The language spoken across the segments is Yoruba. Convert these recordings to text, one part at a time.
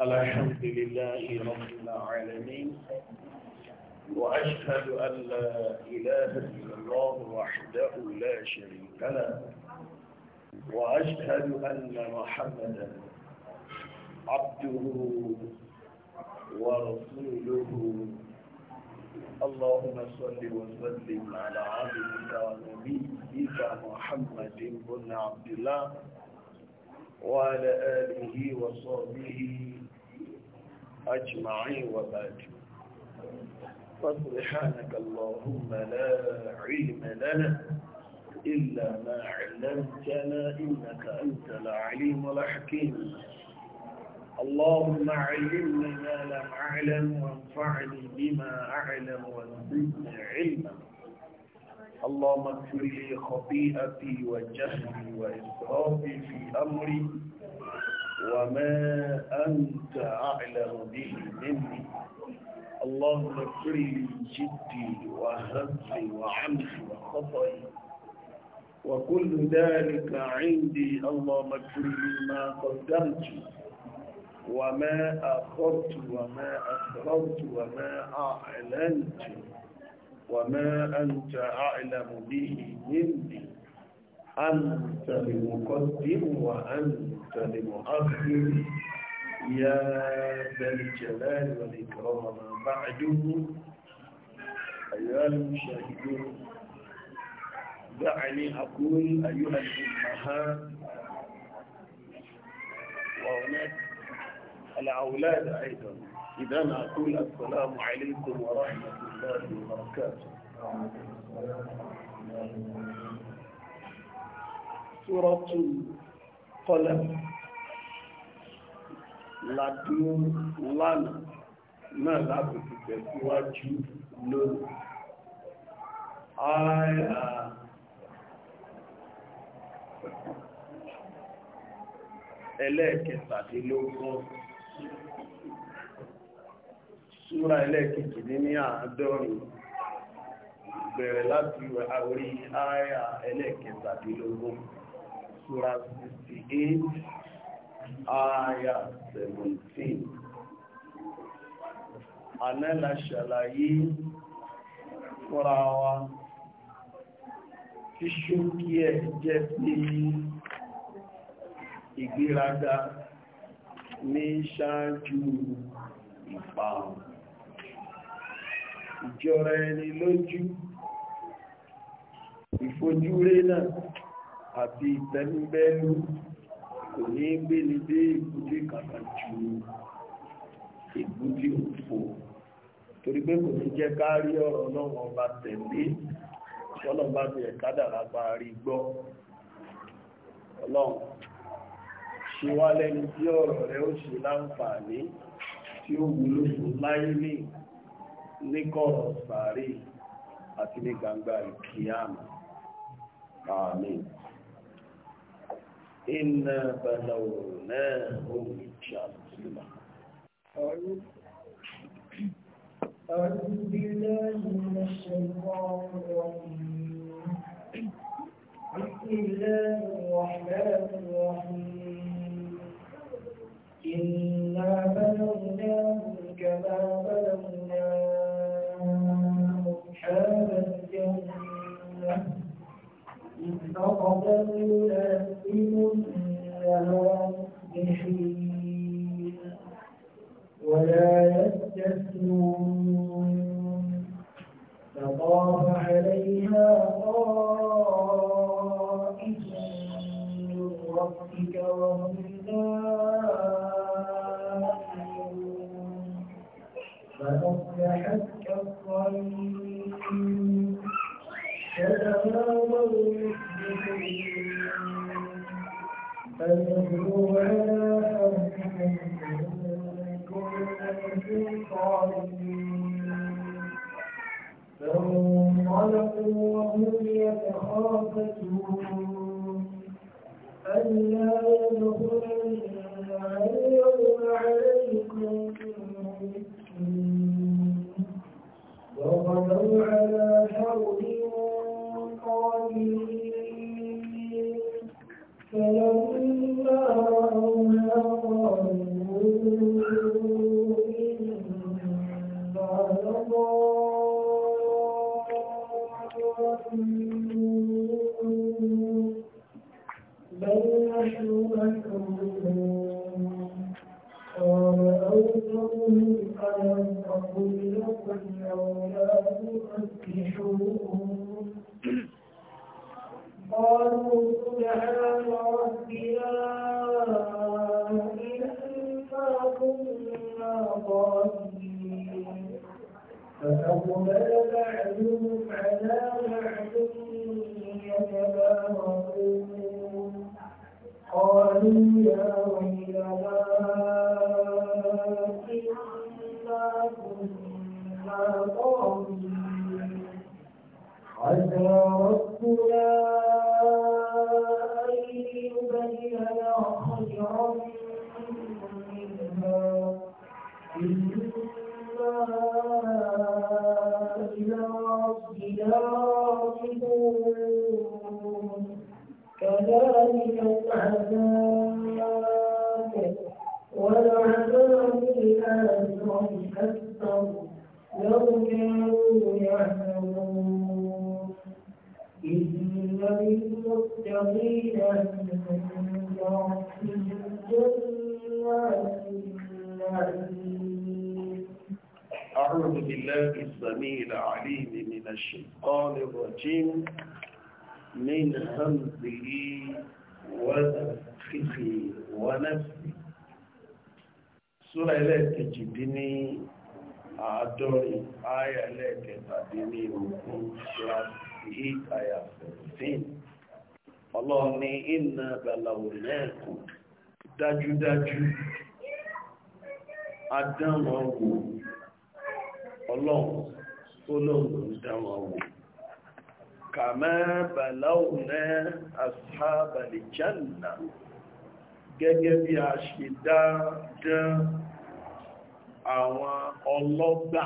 الحمد لله رب العالمين وأشهد أن لا إله إلا الله وحده لا شريك له وأشهد أن محمدا عبده ورسوله اللهم صل وسلم على عبدك ونبيك محمد بن عبد الله وعلى آله وصحبه أجمعين وبعد فسبحانك اللهم لا علم لنا إلا ما علمتنا إنك أنت العليم الحكيم اللهم علمنا ما لم أعلم وانفعني بما أعلم وزدني علما اللهم اغفر لي خطيئتي وجهلي وإسرافي في أمري وما أنت أعلم به مني اللهم اغفر لي جدي وهمي وعمري وخطئي وكل ذلك عندي اللهم اغفر لي ما قدمت وما أخرت وما أسررت وما أعلنت وما أنت أعلم به مني أنت المقدم وأنت المؤخر يا ذا الجلال والإكرام ما بعده أيها المشاهدون دعني أقول أيها الأمهات وهناك الأولاد أيضا إذا أقول السلام عليكم ورحمة الله وبركاته súrọ́tù kọlẹ̀ ládúró lánàá náà lábùkù tẹ̀síwájú lónìí ààyà ẹlẹ́ẹ̀kẹtàdínlógún súra ẹlẹ́ẹ̀kejì ní àádọ́rin bẹ̀rẹ̀ láti orí ààyà ẹlẹ́ẹ̀kẹtàdínlógún Surah 68, Ayah 17. Àná la ṣàlàyé fúnra wa tí ṣókí ẹ̀ jẹ́ pé ìgbéraga ní ṣáájú ìpààrùn. Ìjọra ẹni lójú, ìfojúrí náà àti ìtẹ́lúbẹ́lú kò ní gbé ní dé ìbújé kàkà jù ìbújé òfò torí pé kò ní jẹ́ ká rí ọ̀rọ̀ ọlọ́run ọba tẹ̀lé ọlọ́run bá ti ẹ̀ká dàrá bá rí gbọ́ ọlọ́run ṣe wá lẹ́ni tí ọ̀rọ̀ rẹ̀ ó ṣe láǹfààní tí ó wúlò fún láyé ní níkọ̀ọ̀rọ̀ sàárè àti ní gbangba ìkìyàmù àmín إنا بلوناهم الله أعوذ بالله من الشيطان الرجيم بسم الله الرحمن الرحيم إنا بلوناهم كما بلونا أصحاب الجنة إذ فقدوا إنها عليها ربك وهم فأصبحت كالصريم تفتون ألا أعوذ بالله السميع العليم من الشيطان الرجيم من همزه ونفخه ونفسه سورة آية التجدني àádọ́rin ayẹ̀lẹ́kẹtàdínlógún ṣáàtì آية 17 ọlọ́run ní iná gbàlàwò lẹ́ẹ̀kù dájúdájú adáwọn wò ọlọ́run tó lóòrùn dáwọn wò kàmẹ́ gbàlàwò lẹ́ àṣàbàlì jẹ́nà gẹ́gẹ́ bí a ṣe dáadán àwọn ọlọ́gbà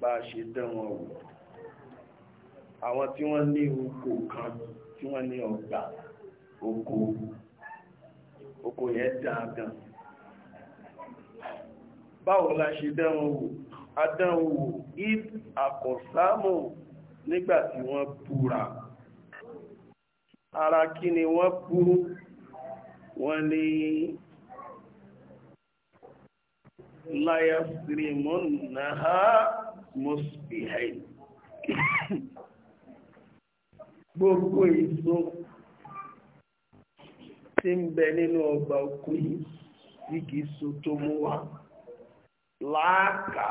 bá ṣe dáwọn wò àwọn tí wọ́n ní oko kan tí wọ́n ní ọgbà oko oko yẹn dáa gan báwo la ṣe dánwò wò adánwò wò if àkọ̀sámù nígbà tí wọ́n búra ara kí ni wọ́n bú wọ́n ní láyásírímù náà mọ́sílẹ̀ gbogbo èso tí ń bẹ nínú ọgbà òkú yìí so tó mú wá láàkà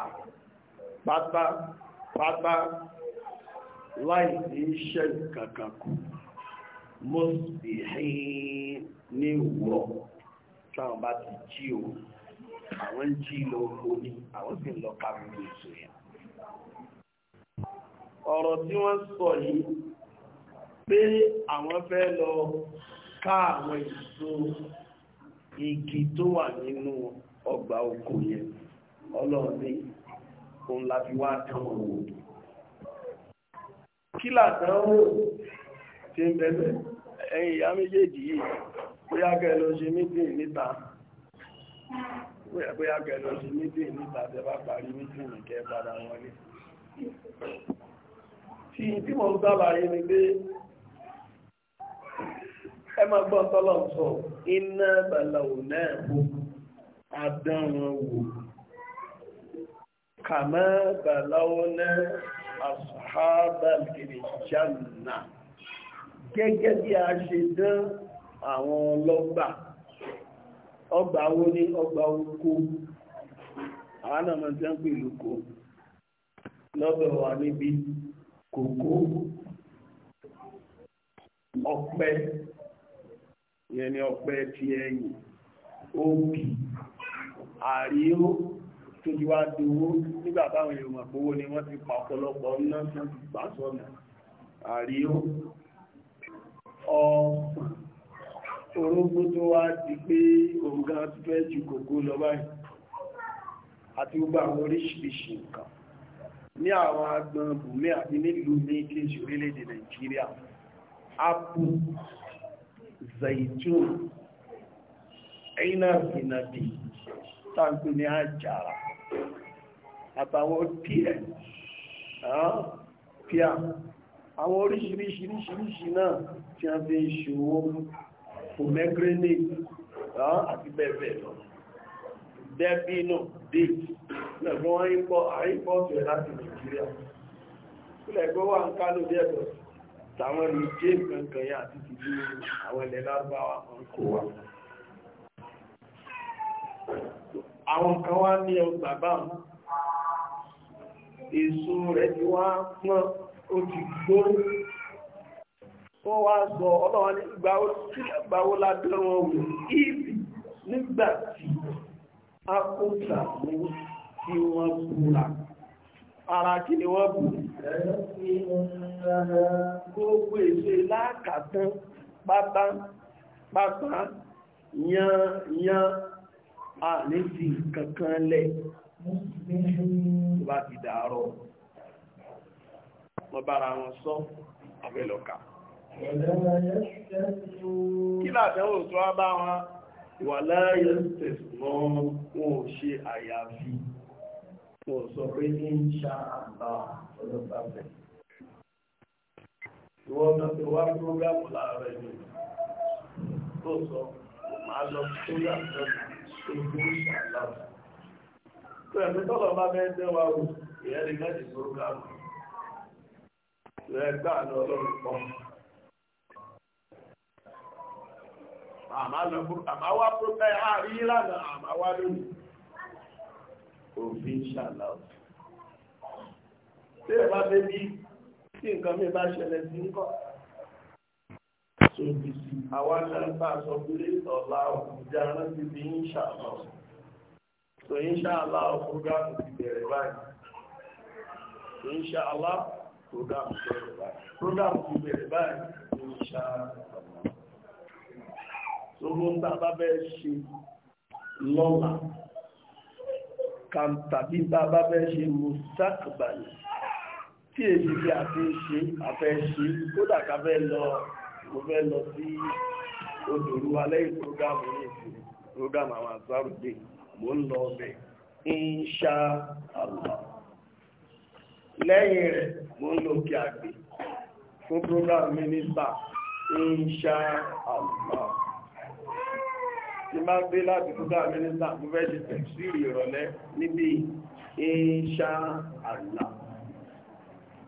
pátápátá láì sí iṣẹ́ ìkàkàkù mọ́sílẹ̀ ní ìwọ̀ táwọn bá ti jí o àwọn ń jí lọ orí àwọn sì ń lọ yẹn ọ̀rọ̀ tí wọ́n sọ yìí pé àwọn fẹ́ lọ ká àwọn èso igi tó wà nínú ọgbà oko yẹn ọlọ́ọ̀ni òun la fi wá tán wọn wò kí làtàn wò tí ń bẹ̀bẹ̀ ẹ̀yìn ìyá méjèèjì yìí bóyá kẹ́ lọ ṣe mítìn níta bóyá kẹ́ lọ ṣe mítìn níta tẹ́ bá parí mítìn kẹ́ padà wọlé tí tí mo ń sábà yé ni pé ẹ máa gbọ́ tọ́lọ̀ sọ iná bàlàwò náà wò àdánwò wò kàmá bàlàwò náà àṣàbà ìrìnjànà gẹ́gẹ́ bí a ṣe dán àwọn ọlọ́gbà ọgbà wo ní ọgbà oko àwọn náà máa jẹ́ pé ìlúkò lọ́dọ̀ wà níbi kòkó ọ̀pẹ ìyẹn ni ọ̀pẹ ti ẹ̀yìn òkì àríwó tó ti wá dúró nígbà táwọn èèyàn mọ̀ pé owó ni wọ́n ti pa ọ̀pọ̀lọpọ̀ ńlá tó ti gbà sọ̀nà àríwó ọ̀sán orógbó tó wá di pé òǹgá ti fẹ́ ju kòkó lọ báyìí àti gbogbo àwọn oríṣiríṣi nǹkan ní àwọn agbọn bùnmí àti nílùú ní kejì orílẹ̀-èdè Nàìjíríà ápù zaitun inabinabi tàbí ní àjàrà àtàwọn píẹ̀ píà àwọn oríṣiríṣiríṣiríṣi náà tí a fi ń ṣòwò pomegranate àti bẹ́ẹ̀bẹ́ẹ̀ lọ dẹ́bínú date lẹ́gbọ́n àìpọ̀ tẹ̀ láti Nàìjíríà lẹ́gbọ́n wà ń kánú dẹ́bọ̀sì tàwọn ẹni jẹ́ nǹkan yà àti ti bí àwọn ilẹ̀ lárúbáwá kan kò wá àwọn kan wá ní ọgbà báwọn èso rẹ̀ ti wá pọ́n ó ti gbó ó wá sọ ọlọ́wọ́ ní ìgbàwó ládẹ́rùn ọ̀wọ̀ ìbì nígbàtí a kó tàbí tí wọ́n búra ara kí ni wọ́n bù gbogbo èso láàkàtán pátá pátá yan yan a ní ti kankan lẹ̀ tó bá ti dàárọ̀ wọ́n bára wọn sọ àbẹ́lọ́ka kí làtẹ́wò tó wá bá wọn wà láyé tẹ̀sùn mọ́ wọn ò ṣe àyàfi kò sọ pé ní ṣá àbá ọlọ́pàá bẹ̀. ìwọ ọ̀nà tó wá prógrámù láàárọ̀ ẹ̀mí tó sọ máa lọ prógrámù lọ́nà tó gbé ṣàlá. tó ẹ̀mí tọ́lọ̀ bá bẹ́ẹ̀ tẹ́ wa wò ìyẹn lè mẹ́tì prógrámù. ìrẹ́ gbà ní ọlọ́run pọ̀. àmà wá prógrámù àmà wá lónìí òfin ṣàlà tí ẹ bá fẹ́ bí tí nǹkan mi bá ṣẹlẹ̀ sí ń kọ́ sóbi sí àwọn aláǹbá sọ pé ọ̀la òkúta rántí bí ń ṣàlọ́ so inṣàlá ọ̀pọ̀gáàmù ti bẹ̀rẹ̀ báyìí inṣàlá ọ̀pọ̀gáàmù ti bẹ̀rẹ̀ báyìí ọ̀pọ̀gáàmù ti bẹ̀rẹ̀ báyìí inṣàlá so mo ń tàbá bẹ́ẹ̀ ṣe lọ́la kan tàbí bá bá fẹ́ ṣe mùsákbàlì tí èyí bí a fi ń ṣe àfẹ́ ṣe kódà ká fẹ́ lọ mo fẹ́ lọ sí odòrú alẹ́ ìprógámù ní ìsinmi prógámù àwọn àsárùgbé mo ń lọ ọbẹ̀ insha Allah lẹ́yìn rẹ̀ mo ń lọ kí àgbè fún prógámù mínísítà insha Allah ti máa gbé láti kúta mínísà mú fẹ́ ṣe tẹ̀sírì ìrọ̀lẹ́ níbi ìṣà àlà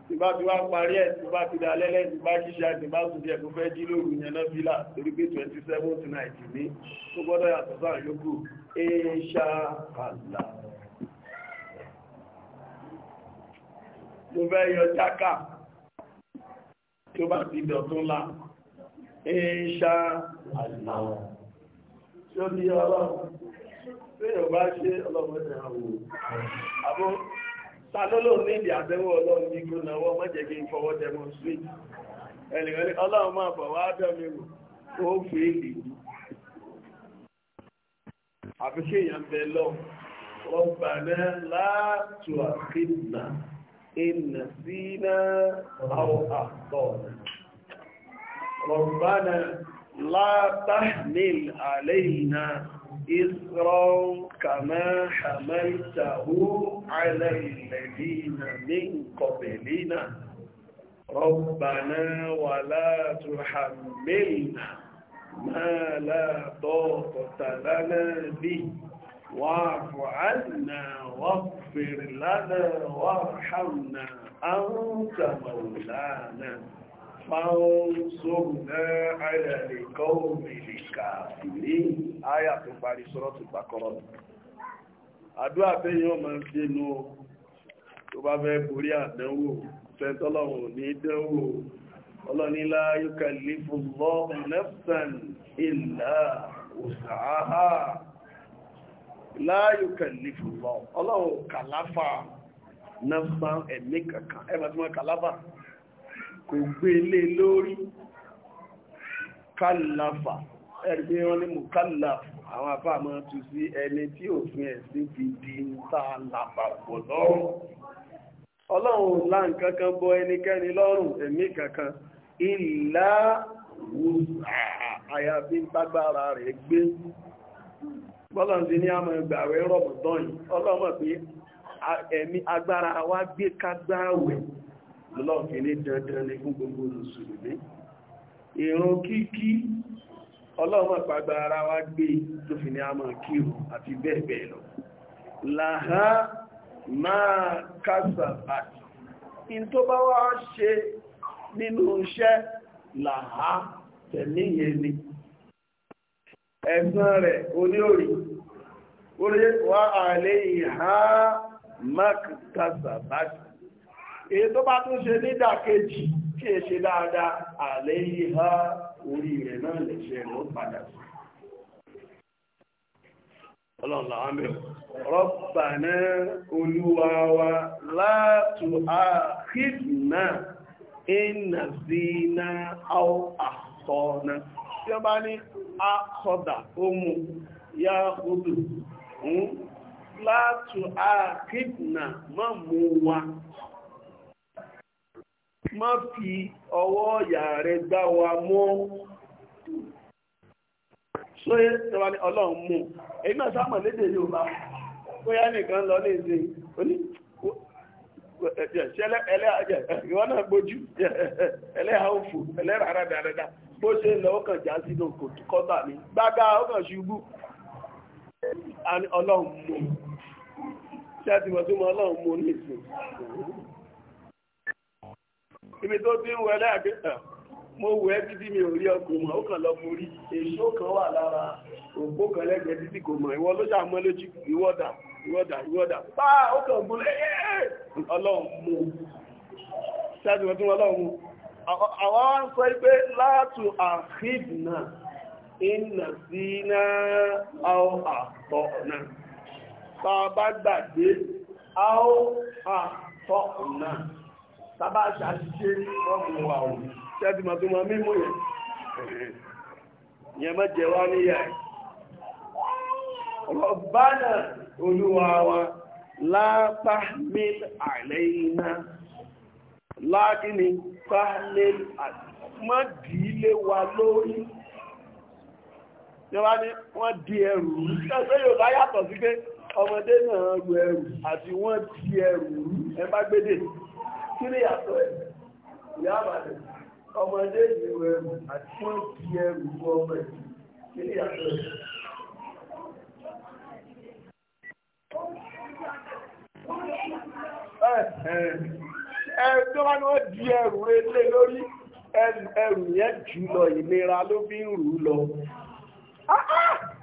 tí bá ti wá parí ẹ̀ tí bá ti dà lẹ́lẹ́ tí bá ṣíṣe àti bá tún jẹ́ tó fẹ́ jí lóru yẹn náà fílà torí pé 27 tonight ní tó gbọ́dọ̀ yàtọ̀ sáà yókù ìṣà àlà mo fẹ́ yọ jákà tó bá ti dọ̀tún la ìṣà àlà tó ní ọlọ́run tí yóò bá ṣe ọlọ́mọdé àwò àbó sàlọ́lọ́ ní ìdí àtẹ́wọ́ ọlọ́run ní kó náwó mọ́jẹ̀ kí n fọwọ́ tẹmọ street ẹnìkan ní ọlọ́run máa bọ̀ wá dọ́mi wò ó fi èlì ní àfi kí èèyàn bẹ lọ لا تحمل علينا إسرا كما حملته على الذين من قبلنا ربنا ولا تحملنا ما لا طاقة لنا به واعف عنا واغفر لنا وارحمنا أنت مولانا Fáúnsóòrùnà àìrẹ̀lẹ̀ kọ́ọ̀mìlì kàfìrí, àyà tó parí sọ́rọ̀ tó pàkọ́rọ̀. Àdúrà pé yóò máa ń fi inú tó bá fẹ́ borí àdánwò, fẹ́ntọ́lọ́run ní dánwò, ọlọ́nilá yóò lọ́ọ̀mù nẹ́fṣàn ìlà òsàáhà. Láyò kẹ̀lífù lọ, ọlọ́run kàláfà nẹ́fṣàn ẹ̀mí kankan, ẹ kò gbé lé lórí kálàfà ẹgbẹ́ wọn ní mú kálàfà àwọn afá mọ́ tù sí ẹni tí òfin ẹ̀sìn fi di ń ta làbàpọ̀ lọ́rùn ọlọ́run lá nǹkan kan bọ ẹnikẹ́ni lọ́rùn ẹ̀mí kankan ìlà àyàfi tágbára rẹ̀ gbé bọ́lọ̀n ní àmọ́ ìgbàwẹ́ rọ̀mọ̀dọ́yìn ọlọ́mọ̀ pé ẹ̀mí agbára wa gbé kágbáwẹ̀ lọ́lọ́run fi ní dandan ní fún gbogbo mùsùlùmí ìrun kíkí ọlọ́run àpàgbà ara wa gbé tó fi ní àmà kírun àti bẹ́ẹ̀ bẹ́ẹ̀ lọ làhá máa kásà àti in tó bá wá ṣe nínú iṣẹ́ làhá tẹ̀lé ẹ̀sán rẹ̀ oníorí orí wá àlẹ́ ìhá máa kásà àti èyí tó bá tún ṣe nídàkejì kí è ṣe dáadáa àlẹ́ yìí há orí rẹ̀ náà lè ṣe ló padà sí ọlọ́ọ̀lá àmì rọ́bàná olúwa wa látù àkíkùnà iná sí iná àwọ̀ àkọ́ọ̀nà tí ó bá ní àkọ́dà ohun ya odò látù àkíkùnà mọ́ mú wa má fi ọwọ́ ọ̀yà rẹ̀ gbá wa mú ṣó yẹ tẹwa ọlọ́run mú èyí náà sáàmà lédè yóò bá nìkan lọ ní ìsìn oní ìwọ náà gbójú ẹlẹ́yà òfò ẹlẹ́yà ara dáadáa bó ṣe lọ ó kàn gbága ṣubú ọlọ́run mú ṣé ọlọ́run mú ní ìsìn ibi tó ti ń wẹ̀lẹ́ àkẹta mo wẹ̀ títí mi ò rí ọkùn mọ̀ ó kàn lọ mo rí kan wà lára òpó kan lẹ́gbẹ̀ẹ́ títí kò mọ̀ ìwọ ló ṣàmọ́ lójú ìwọ́dà ìwọ́dà ìwọ́dà bá ó kàn mú lẹ́yẹ́ ọlọ́run mú ṣáàtì wọ́n tún ọlọ́run mú àwọn wá ń sọ pé látù àfíìdìnà ìnà sí náà àtọ̀ náà tá a bá gbàgbé àtọ̀ náà sábà ṣàṣìṣe rọ́pù wà ó tẹ́tí ma tó ma mímú yẹn yẹn má jẹ wá níyà ẹ̀ ọlọ́bánà olúwa wa látàmí àlẹ́ iná lákìní tàlẹ́ má dìílé wa lórí yọba ní wọ́n di ẹrù ṣẹ́gbẹ́ yóò bá yàtọ̀ sí pé ọmọdé náà lu ẹrù àti wọ́n di ẹrù ẹ bá gbédè kí lè yàtọ̀ ẹ̀ ìyá àbàdàn ọmọdé ìwé ẹrù àti wọ́n kí ẹrù bú ọmọ ẹ̀ kí lè yàtọ̀ ẹ̀ ẹ̀ẹ́dọ́ wá ní wọ́n di ẹrù relé lórí ẹrù yẹn jù lọ ìlera ló fi ń rù lọ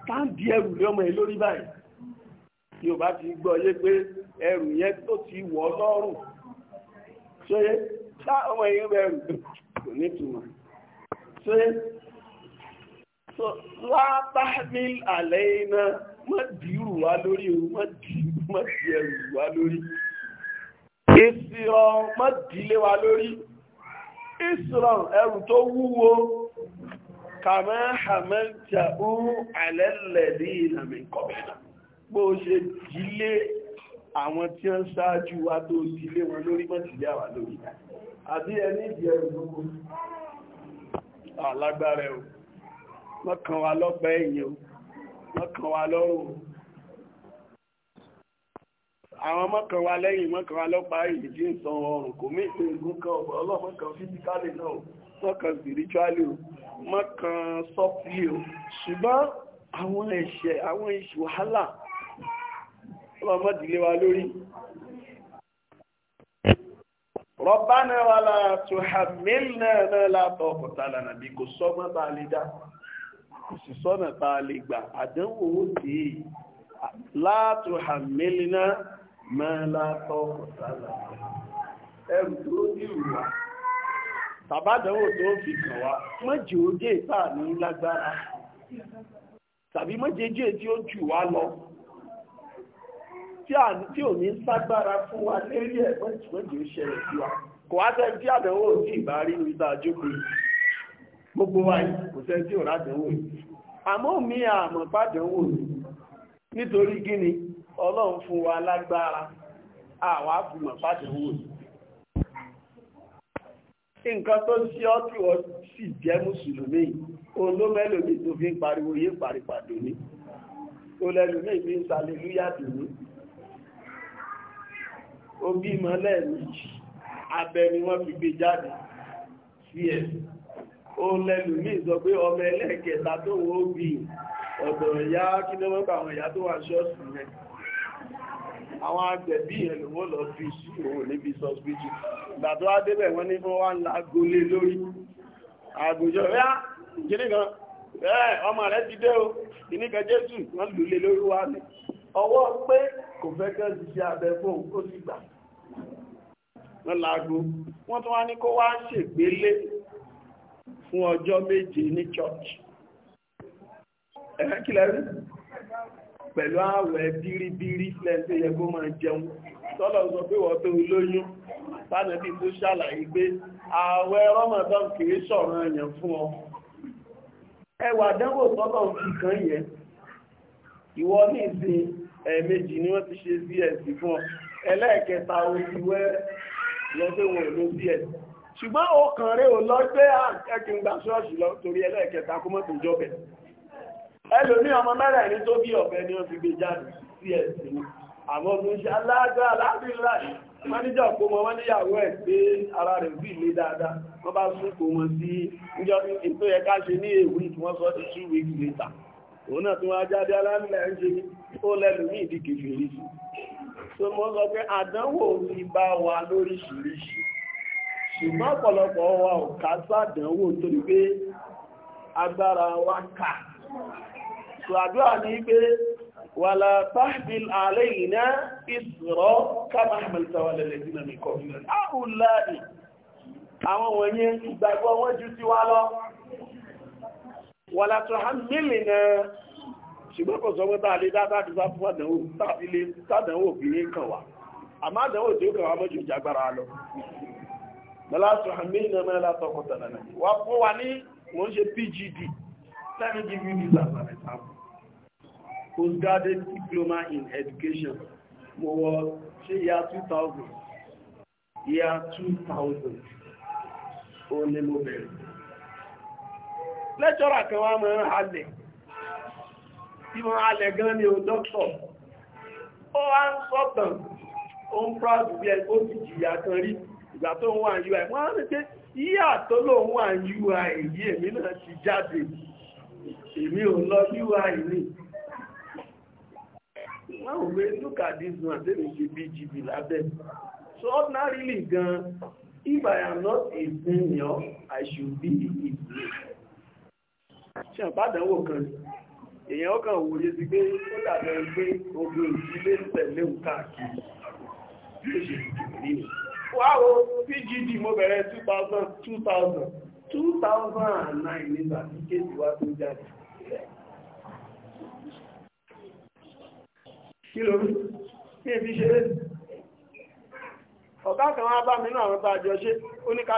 ká ń di ẹrù lé ọmọ ẹ lórí báyìí tí o bá ti gbọ́ yé pé ẹrù yẹn tó ti wọ̀ lọ́rùn ṣe tá ọmọ èyí bẹ̀rù kò ní túmọ̀ ṣe látàmíl àlẹ́ iná mọ́ dìírù wá lórí o mọ́ dìírù mọ́ di ẹrù wá lórí ìsìràn mọ́ dìílé wá lórí ìsìràn ẹrù tó wúwo kàmá hàmẹ́jà ń alẹ́lẹ̀ ní ìlànà ìkọ̀bẹ̀nà àwọn tí wọ́n ṣáájú wa tó ìdílé wọn lórí mọ́tìlé àwà lórí àbí ẹni ìdíẹ̀ ìlúkú alágbára o wọ́n wá lọ́gbẹ́ èèyàn o wọ́n wá lọ́rùn àwọn mọ́kàn wá lẹ́yìn mọ́kàn wá lọ́pàá èyí tí ń san ọrùn kò mí ìpín o ṣùgbọ́n àwọn ẹ̀ṣẹ̀ àwọn ìṣù wàhálà ọlọ́mọ dìlé wa lórí rọ̀bánà wà láà tó hàmílnà náà látọ̀ ọ̀pọ̀ta lànà bí kò sọ́gbọ́n bá lè dá kò sì sọ́nà bá lè gbà àdánwò ó dé látò hàmílnà máa látọ̀ ọ̀pọ̀ta lànà ẹrù tó dìrù wa tàbádánwò tó fi kàn wá mọ́jì ó dé ní lágbára tàbí mọ́jì ó dé tí ó lọ tí ò ní ságbára fún wa lérí ẹ̀ mọ́jìmọ́jì ó ṣẹlẹ̀ sí wa kò wá sẹ́ni tí àdánwò tí ìbá rí ní ìta àjókòó gbogbo wa yìí kò sẹ́ni tí ò rádánwò yìí àmọ́ mi àmọ̀ pàdánwò nítorí gíní ọlọ́run fún wa lágbára àwa àbùmọ̀ pàdánwò nǹkan tó sí ọ́ tí wọ́n sì jẹ́ mùsùlùmí olómẹ́lòmí tó fi ń pariwo yé paripàdé ní olẹ́lùmí fi ń salelúyà dùnú Obi bímọ lẹ́ẹ̀mejì abẹ ni wọ́n fi gbé jáde sí ẹ̀ ó lẹ́nu ní ìsọ pé ọmọ ẹlẹ́ẹ̀kẹta tó wọ́n ó bí ọ̀dọ̀ ìyá kí ló mọ́ àwọn ìyá tó wà ṣọ́ọ̀sì rẹ̀ àwọn agbẹ̀bí yẹn wọ́n lọ fi sí òun níbi sọ́spítù gbàtọ́ adébẹ̀ wọ́n ní fún wa ń la agolé lórí àgùjọ rẹ̀ kìnnìkan ọmọ rẹ̀ ti dé o kìnnìkan jésù wọ́n lulẹ̀ lórí wa ní ọwọ́ pé kò fẹ́ kẹ́ ṣiṣẹ́ abẹ fóun ó sì gbà wọ́n wọ́n tún wá ní kó wá ṣègbélé fún ọjọ́ méje ní church ẹ̀ka kílẹ̀ rí pẹ̀lú ààwẹ̀ bíríbírí lẹ́nu yẹ kó máa jẹun tọ́lọ̀ sọ pé wọ́n tó lóyún tánàbí tó ṣàlàyé pé ààwẹ̀ rọ́mọdán kìí sọ̀rọ̀ èèyàn fún ọ ẹwà dánwò tọ́lọ̀ fi kan yẹn ìwọ ní ìsìn ẹ̀ẹ̀mejì ni wọ́n ti ṣe cs fún ọ ẹlẹ́ẹ̀kẹta orí wẹ́ ló cs ṣùgbọ́n ọkàn rẹ̀ lọ pé ẹkùn gba ṣọ́ọ̀ṣì lọ torí ẹlẹ́ẹ̀kẹta kó mọ́ tó jọ́bẹ̀ ẹlòmí ọmọ mẹ́rẹ̀ẹ̀rin tó bí ọ̀bẹ ni wọ́n fi gbé jáde cs àmọ́ ṣe kó wọ́n níyàwó ẹ̀ pé ara rẹ̀ bí ilé dáadáa wọ́n bá sún kó wọn sí ìjọ ṣe ní èwì tí wọ́n sọ two weeks later òun náà tí wọ́n á jáde ó lẹ́nu ní ìdíkì fèrè so mo sọ pé àdánwò ti bá wa lóríṣiríṣi ṣùgbọ́n ọ̀pọ̀lọpọ̀ wa ò ká sàdánwò torí pé agbára wa kà so àdúrà ní pé wàlá tahmil alayna isra kama hamalta wa lil ladina min qablina àúláì àwọn wọ̀nyẹn ìgbàgbọ́ wọn ju tiwa lọ wàlá tuhammilna ṣùgbọ́n kò sọ pé tá a lè dáadáa ti sá fún àdánwò tàbí lè sádánwò bí i kàn wá àmọ́ àdánwò tí ó kàn wá mọ́jú ìjàgbára lọ mọ́lá sọ àmì ìnà mẹ́rin látọkọ tẹ̀lẹ̀ náà wà fún wa ní mò ń ṣe PGD tẹ́lẹ̀ gígbì ní sàbàrẹ̀ sáàmù postgraduate diploma in education mo wọ ṣe year 2000 year 2000 ó ní mo bẹ̀rẹ̀ lẹ́tọ́rà kan wá mọ́ halẹ̀ tí wọ́n alẹ̀ gan ni o dọ́kítọ̀ ó wá ń sọ́tàn ó proud bí ẹ ti jìyà kan rí ìgbà tó ń wà ní ui wọ́n rí pé yíyà tó lòun wà ní ui yìí èmi náà ti jáde èmi ò lọ ui ní wọ́n ò gbé look at this one ṣé mi ṣe bí jìbì lábẹ́ so ordinarily gan if i am not a senior i should be a senior ṣe àbádàwọ̀ kan ni èèyàn ó kàn wòye sí ó dàbẹ̀ pé ogun ìdílé tẹ̀lé òun káàkiri wáwo pgd mo bẹ̀rẹ̀ 2000 2000 2009 nígbà tí kéèkì wá tó jáde kí ló kí èmi ṣe ọ̀gá kan wá bá mi náà àwọn bá jọ ṣe ó ní ká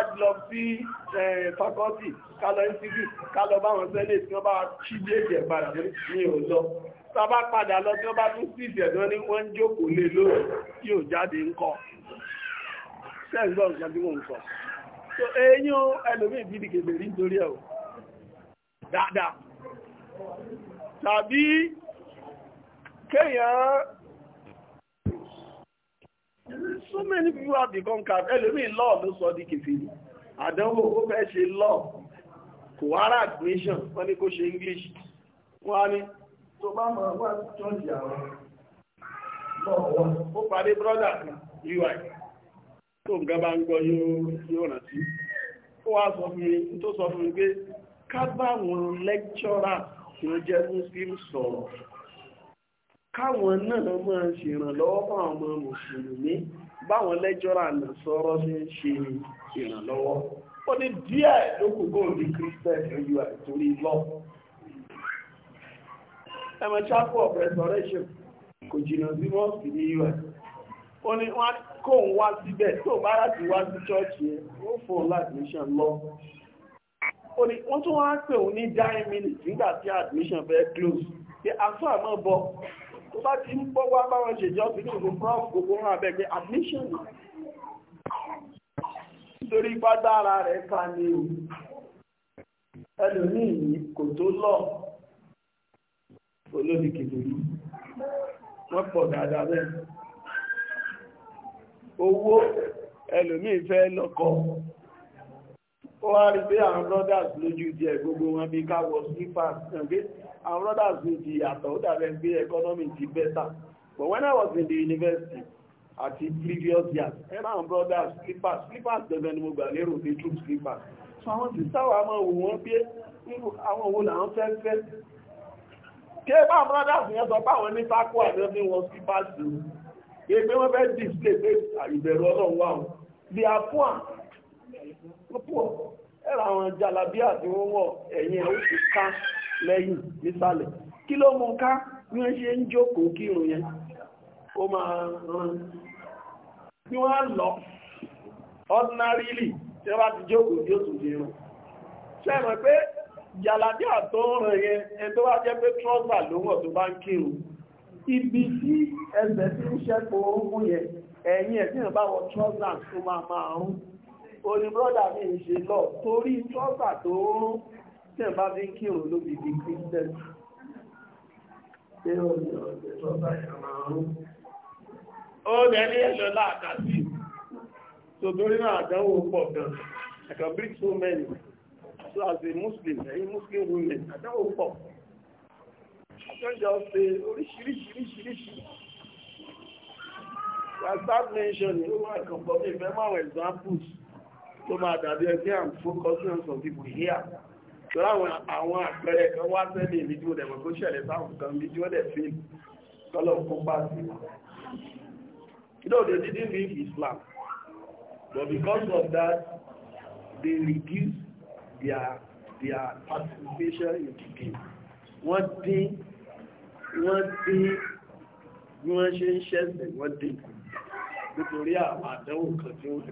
sí fakọ́tì ká lọ institute bá wọn sẹ́lẹ̀ tí wọ́n bá ṣí déèdì ẹ̀ padà ní ò lọ bá padà lọ tí wọ́n bá tún sí ìdẹ̀ lọ wọ́n jókòó lé lórí tí ò jáde ń kọ́ sẹ́ǹgbọ́n tí wọ́n ń sọ so eyín o ẹlòmíì bí dìkèbè rí nítorí ẹ̀ o dáadáa tàbí kéèyàn so many people have become ẹlòmí ló sọ di kìfìrí àdánwò ó fẹ́ ṣe law kò wára admission wọ́n ní kó ṣe English wọ́n á ní tó bá mọ̀ wá church àwọn lọ́wọ́ ó parí brother kan ui tó nǹkan bá ń gbọ́ yóò rántí ó wá sọ fún mi tó sọ fún mi pé ká lecturer tí ó jẹ́ káwọn náà máa ṣèrànlọ́wọ́ fún àwọn ọmọ mùsùlùmí báwọn lẹ́jọ́rà náà sọ̀rọ̀ sí ṣe ìrànlọ́wọ́ ó ní díẹ̀ ló kù góòlù di kírísítẹ́ẹ̀sì ojú àìtórí lọ ẹmọ chapel of restoration kò jìnnà sí mọ́ọ̀sì ní us ó ní wọ́n kó ń wá síbẹ̀ tó bá láti wá sí chọ́ọ̀chì ẹ̀ ó fún admission lọ ó ní wọ́n tún wá pè òun ní dine minute nígbà tí admission fẹ́ close pé àtúwàmọ́ bọ́ tó bá ti ń bọ́ wá báwọn ṣe jọ sí gbogbo prof gbogbo hàn abẹ́ pé admission nítorí ipá dára rẹ̀ ká ní o ẹlòmíì kò tó lọ olóbi kìtìrí wọ́n pọ̀ dáadáa bẹ́ẹ̀ owó ẹlòmíì fẹ́ lọ́kọ ó wá rí pé àwọn brothers lójú díẹ̀ gbogbo wọn bí káwọ slippers nàgbé our brothers ní ti yàtọ̀ ó dàbẹ̀ pé economy ti bẹ́tà but when I was in the university àti previous years ẹ̀rọ àwọn brothers slippers slippers dandan ni mo gbà lérò ní troop slippers so àwọn sísá wa máa wò wọ́n pé àwọn òun làwọn fẹ́ fẹ́ kí ẹ bá brothers yẹn sọ pé àwọn ní sákó àdébí wọn slippers lò kí ẹ pé wọ́n fẹ́ display ìbẹ̀rù ọlọ́run wà ó they are poor ẹ̀rọ àwọn jalabi àti wọ́n wọ̀ ẹ̀yìn ó ti ká lẹ́yìn nísàlẹ̀ kí ló mú ká bí wọ́n ṣe ń jókòó kírun yẹn ó máa rán bí wọ́n á lọ ordinarily tí wọ́n bá ti jókòó tí ó tún ṣe rán ṣe mọ̀ pé jalabi àtọ́ rẹ̀ yẹn ẹni tó bá jẹ́ pé trọ́sà ló wọ̀ tó bá ń kírun ibi tí ẹsẹ̀ ti ń ṣẹ́pọ̀ orúkún yẹn ẹ̀yìn ẹ̀ tí wọ́n bá wọ trọ́sà tó máa máa rún oní brọ́dà mi ń ṣe lọ torí trọ́sà tó rún tí ẹ̀ bá fi ń kírun ló fi di kírísítẹ́nì. Ó dẹ̀lé ẹ̀ṣọ́ láàkàtì, so torí náà àdánwò pọ̀ gan, I can bring so many, so as a Muslim, any Muslim women, àdánwò pọ̀. Àjọ́jọ́ ṣe oríṣiríṣiríṣiríṣi. I start mentioning, ó wà kàn pọ̀ mí, ìfẹ́ máwọn examples tó máa dàbí ẹgbẹ́ àwọn fókọ́sùn ọ̀sán ti bù híà láwọn àwọn àpẹẹrẹ kan wá sẹ́lẹ̀ ìbí tí ó dẹ̀mọ̀ tó ṣẹlẹ̀ sáwọn kan bí tí ó dẹ̀ fi tọ́lọ̀ kópa sí they didn't leave Islam but because of that they reduce their their participation in the game wọ́n dín wọ́n dín bí wọ́n ṣe ń ṣẹ̀sẹ̀ wọ́n dín nítorí àwọn àdánwò kan tí wọ́n ti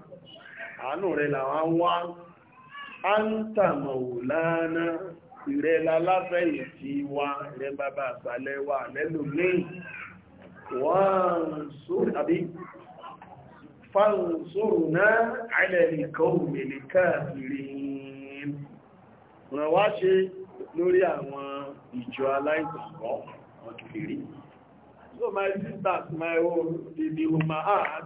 àánú rẹ̀ làwọn wá á ń tàmọ̀wò lánà ìrẹ́ wá rẹ̀ bàbá àgbàlẹ̀ wà lẹ́lò ní wọ́n sórí àbí fánṣòrùná àìlẹ̀lẹ̀kọ́ òmìnirikà ìrìn rẹ̀ wá ṣe lórí àwọn ìjọ aláìsànkọ́ ọ̀kìrì so my sister, my own baby, human heart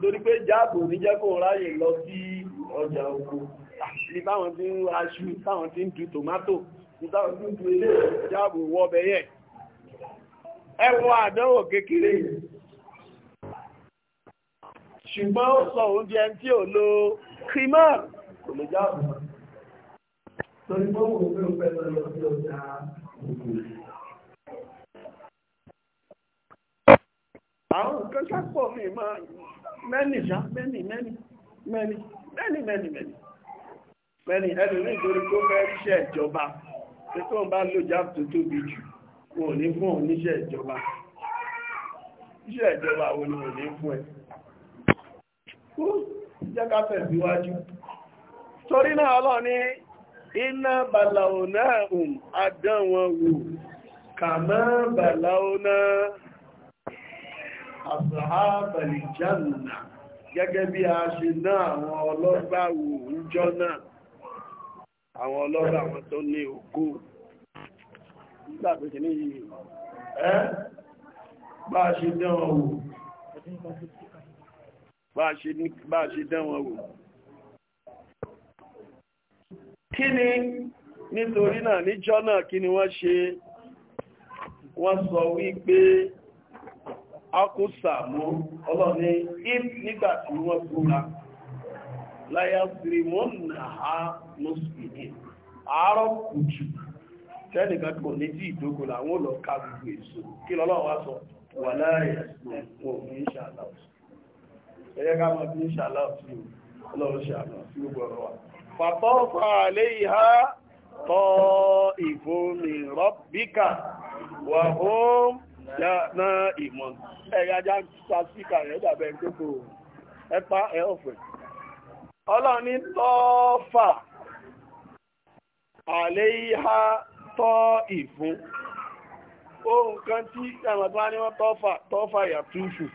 torí pé jáàbò níjẹ́ kó ráyè lọ sí ọjà oko ní táwọn tí ń aṣú táwọn tí ń du tomato, ní táwọn tí ń du ilé jáàbò wọ́bẹ̀ yẹ ẹwọ́ àdánwò kékeré ṣùgbọ́n ó sọ oúnjẹ tí ò lo krimar kò lè jáàbò torí pé òun ò fẹ́ lọ sí ọjà oko àwọn nǹkan sápọ̀ mi máa mẹ́ni ṣá mẹ́ni mẹ́ni mẹ́ni mẹ́ni mẹ́ni mẹ́ni mẹ́ni ẹni nítorí tó fẹ́ ṣe ìjọba tí tó ń bá lò jáàbù tó tóbi jù wọn ò ní fún òun níṣẹ́ ìjọba iṣẹ́ ìjọba wo ni ò ní fún ẹ kú jẹ́ ká tẹ̀síwájú torí náà ọlọ́run iná bàlàó náà àdán wò kàmọ́ bàlàó náà àṣàhábàlì jánà gẹ́gẹ́ bí a ṣe náà àwọn ọlọ́gbà wò ń jọ náà àwọn ọlọ́gbà àwọn tó ní ògo nígbà tó ṣe níyì ẹ́ bá a ṣe dán wọn wò wò kí ni nítorí náà níjọ́ náà kí ni wọ́n ṣe wọ́n sọ wípé akúsàmú ọlọ́ni nígbà tí wọ́n búra láyá na ha mọ́sùlùmí àárọ̀ kùjù tẹ́nìkan kò ní tí ìdókò làwọn olọ́ ká gbogbo èso kí lọ́lọ́ wá sọ wà láàrin ẹ̀sùn òun ní ṣàlàyé si na ìmọ̀ ẹ̀yà já sa síkà rẹ̀ dàbẹ̀ gbogbo ẹ̀pá e, ẹ̀ e, ọ̀fẹ́ ọlọ́ni tọ́fà àléhà tọ́ ìfún ohun kan tí tó wá ní wọ́n tọ́fà tọ́fà yàtúṣù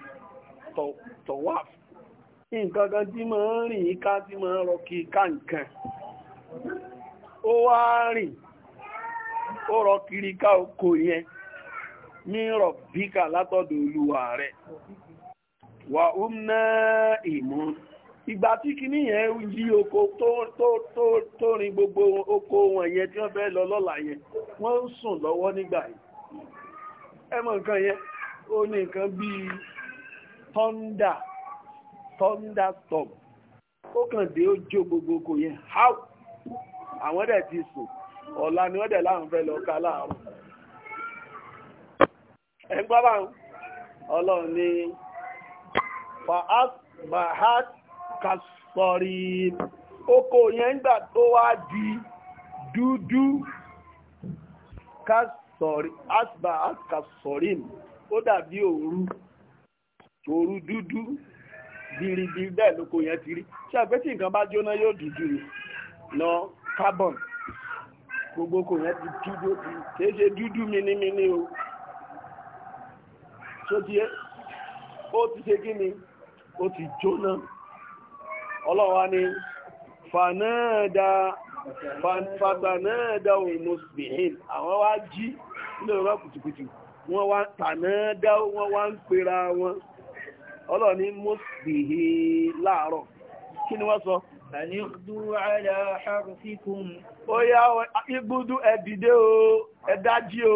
tọ̀wáfù nǹkan kan tí ń rìn ká tí mọ̀ ń rọ kí ká nǹkan ó wá rìn ó rọ kiri ká oko yẹn ní rọ̀bíkà látọ̀dọ̀ olúwa rẹ̀ wà úmná ìmú ìgbà tí kìíní yẹn yí oko tó rin gbogbo oko wọn yẹn tí wọ́n fẹ́ lọ lọ́la yẹn wọ́n ń sùn lọ́wọ́ nígbà yìí ẹ ẹmọ nǹkan yẹn ó ní nǹkan bíi thunder thunderstorm ó kàn dé ó jó gbogbo oko yẹn how àwọn dẹ̀ ti sùn ọ̀la ni wọ́n dẹ̀ láwọn fẹ́ lọ ká láàárọ̀ ẹgbọ́ bá ń ọlọ́run ní fa'asbahat kasorim oko yẹn gbà tó wá di dúdú asbahat kasorim ó dàbí òru òru dúdú biribiri bẹ́ẹ̀ lóko yẹn ti rí ṣe àgbẹ́ tí nǹkan bá jóná yóò dúdú lọ carbon gbogbo kò yẹn ti dúdú kìí ṣe dúdú minimini o tó díẹ̀ ó ti ṣe gíní ó ti jóná ọlọ́wà ni fanáàdá òun musbihin àwọn wá jí ilé ọ̀rọ̀ kùtùkùtù wọ́n wá tànáàdá wọ́n wá ń pera wọn ọlọ́ni musbihin láàárọ̀ kí ni wọ́n sọ Àníkdú ẹ̀dájí o,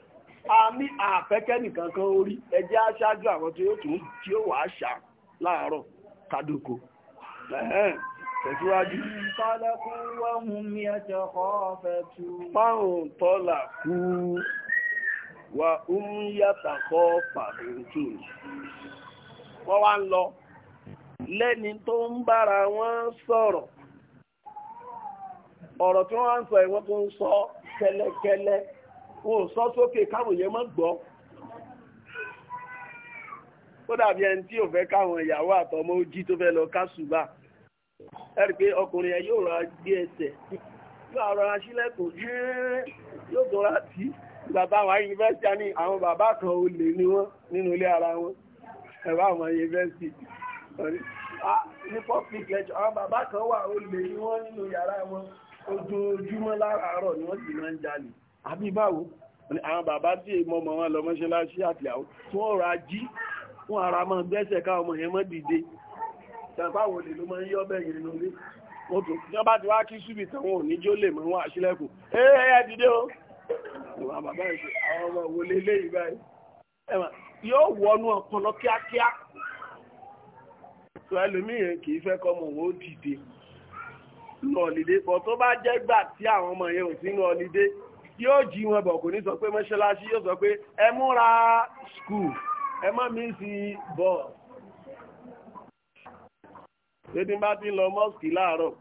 a ní àfẹ́kẹ́ nìkan kan orí ẹjẹ́ aṣáájú àwọn tí ó tún tí ó wàá ṣá láàárọ̀ kádókò tẹ̀síwájú. kọ́lẹ́kú wọ́n mú mi ẹjọ́ kọ́ fẹ́ tu. fáwọn tọ́là kú wà ń yàtà kọ́ pàtó wọ́n wá ń lọ lẹ́ni tó ń bára wọn sọ̀rọ̀ ọ̀rọ̀ tí wọ́n ń sọ ìwọ́n tó ń sọ kẹ́lẹ́kẹ́lẹ́. wọn ò sọ sókè káwọn yẹn mọ́ gbọ́ ó dàbí ẹni tí ò fẹ́ káwọn ìyàwó àtọmọ ó jí tó fẹ́ lọ kásùbà ẹ rí i pé ọkùnrin yẹn yóò rọra gbé ẹsẹ̀ yóò rọra sílẹ̀kùn yóò tó rà tí bàbá àwọn yunifásitì á ní àwọn bàbá kan ò lè ní wọn nínú ilé ara wọn ẹ̀bá àwọn yunifásitì ní public lecture àwọn bàbá kan wà ó lè ní wọn nínú yàrá wọn ojoojúmọ́ láràárọ̀ ni wọ́n sì máa ń jalè àbí báwo àwọn bàbá tí èmọ́ ọmọ wọn lọ mọ́ṣáláṣí àti àwọn tí wọ́n rà jí fún ara mọ́ gbẹ́sẹ̀ ká ọmọ yẹn mọ́ dìde tàbáwò lè ló mọ́ ń yọ́ bẹ́ẹ̀ yìí lórí oòtò tí wọ́n bá ti wá kí súbì tán wọn ò ní jó lè mọ́ wọn àṣílẹ̀kùn ẹ̀ẹ́ dìde o àwọn bàbá ìṣẹ́ àwọn ọmọ wo lè lé ìgbà yóò wọnú ọpọlọ kíákíá tó ẹlòmíràn kì í fẹ́ kọ́mọ wọn ó dìde lọ́ọ̀lìdé pọ̀ tó tí ji jí wọn bọ̀ kò ní sọ pé mọ́ṣáláṣí yóò sọ pé ẹ múra skul ẹ má mi sí bọ̀. Tẹ́tí bá ti lọ mọ́sìkì láàárọ̀,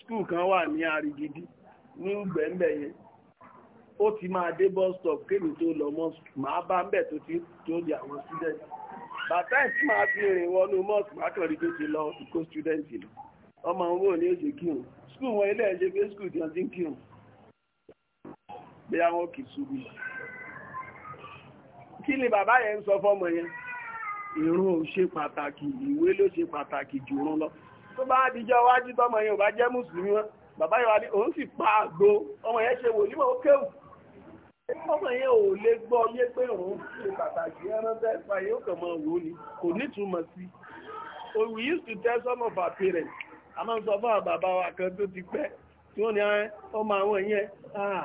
skul kan wà ní Arigidi ní Gbẹ̀ǹbẹ̀ Ó ti máa dé bus stop tó lọ mọ́sìkì, màá bá ń bẹ̀ tó ti tó di àwọn student. Bàtà ẹ̀ tí fi lọ ìkó student lọ. Ọmọ òun wò ní Skul wọn ilé ẹ̀ ṣe pé skul ti bí àwọn òkè ṣubú kí ni bàbá yẹn ń sọ fọ́mọ yẹn ìrun ò ṣe pàtàkì ìwé ló ṣe pàtàkì jù rún lọ tó bá dìjọ wájú tọ́mọ yẹn ò bá jẹ́ mùsùlùmí wọn bàbá yẹn wà ní òun sì pa àgbo ọmọ yẹn ṣe wòlímọ̀ ó kéwù ọmọ yẹn ò lè gbọ́ yé pé òun ṣe pàtàkì ẹran tẹ́fà yóò kàn mọ́ wò ni kò nítumọ̀ sí we used to tell some of our parents a máa ń sọ fún àwọn bàbá wa kan tó ti pẹ́ tí wọ́n ní ah, ọmọ àwọn yẹn ah,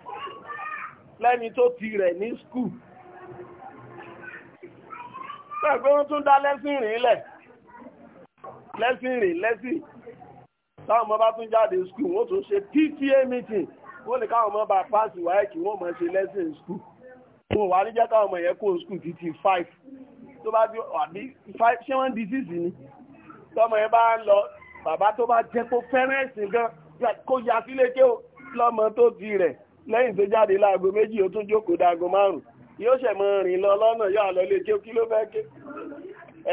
lẹ́ni tó ti rẹ̀ ní skul pẹ̀lú wọ́n tún dá lẹ́sìn rìn lẹ̀ lẹ́sìn rìn lẹ́sìn táwọn ọmọ bá tún jáde skul wọ́n tún ṣe PTA meeting wọ́n ní káwọn ọmọ bá pàṣẹ wáyé kí wọ́n máa ṣe lẹ́sìn skul wọn wà ní jẹ́ káwọn ọmọ yẹn kó skul títí five tó bá di àbí five ṣé wọ́n di six ni tọmọ yẹn bá ń lọ bàbá tó bá jẹ́ kó fẹ́ràn ẹ̀sìn gan kó yà sílé kí lọ́mọ tó di rẹ̀ lẹ́yìn tó jáde láago méjì ó tún jókòó dáago márùn yóò ṣẹ̀ mọ́ rìn lọ lọ́nà yóò àlọ́ lè kí ó kí ló fẹ́ ké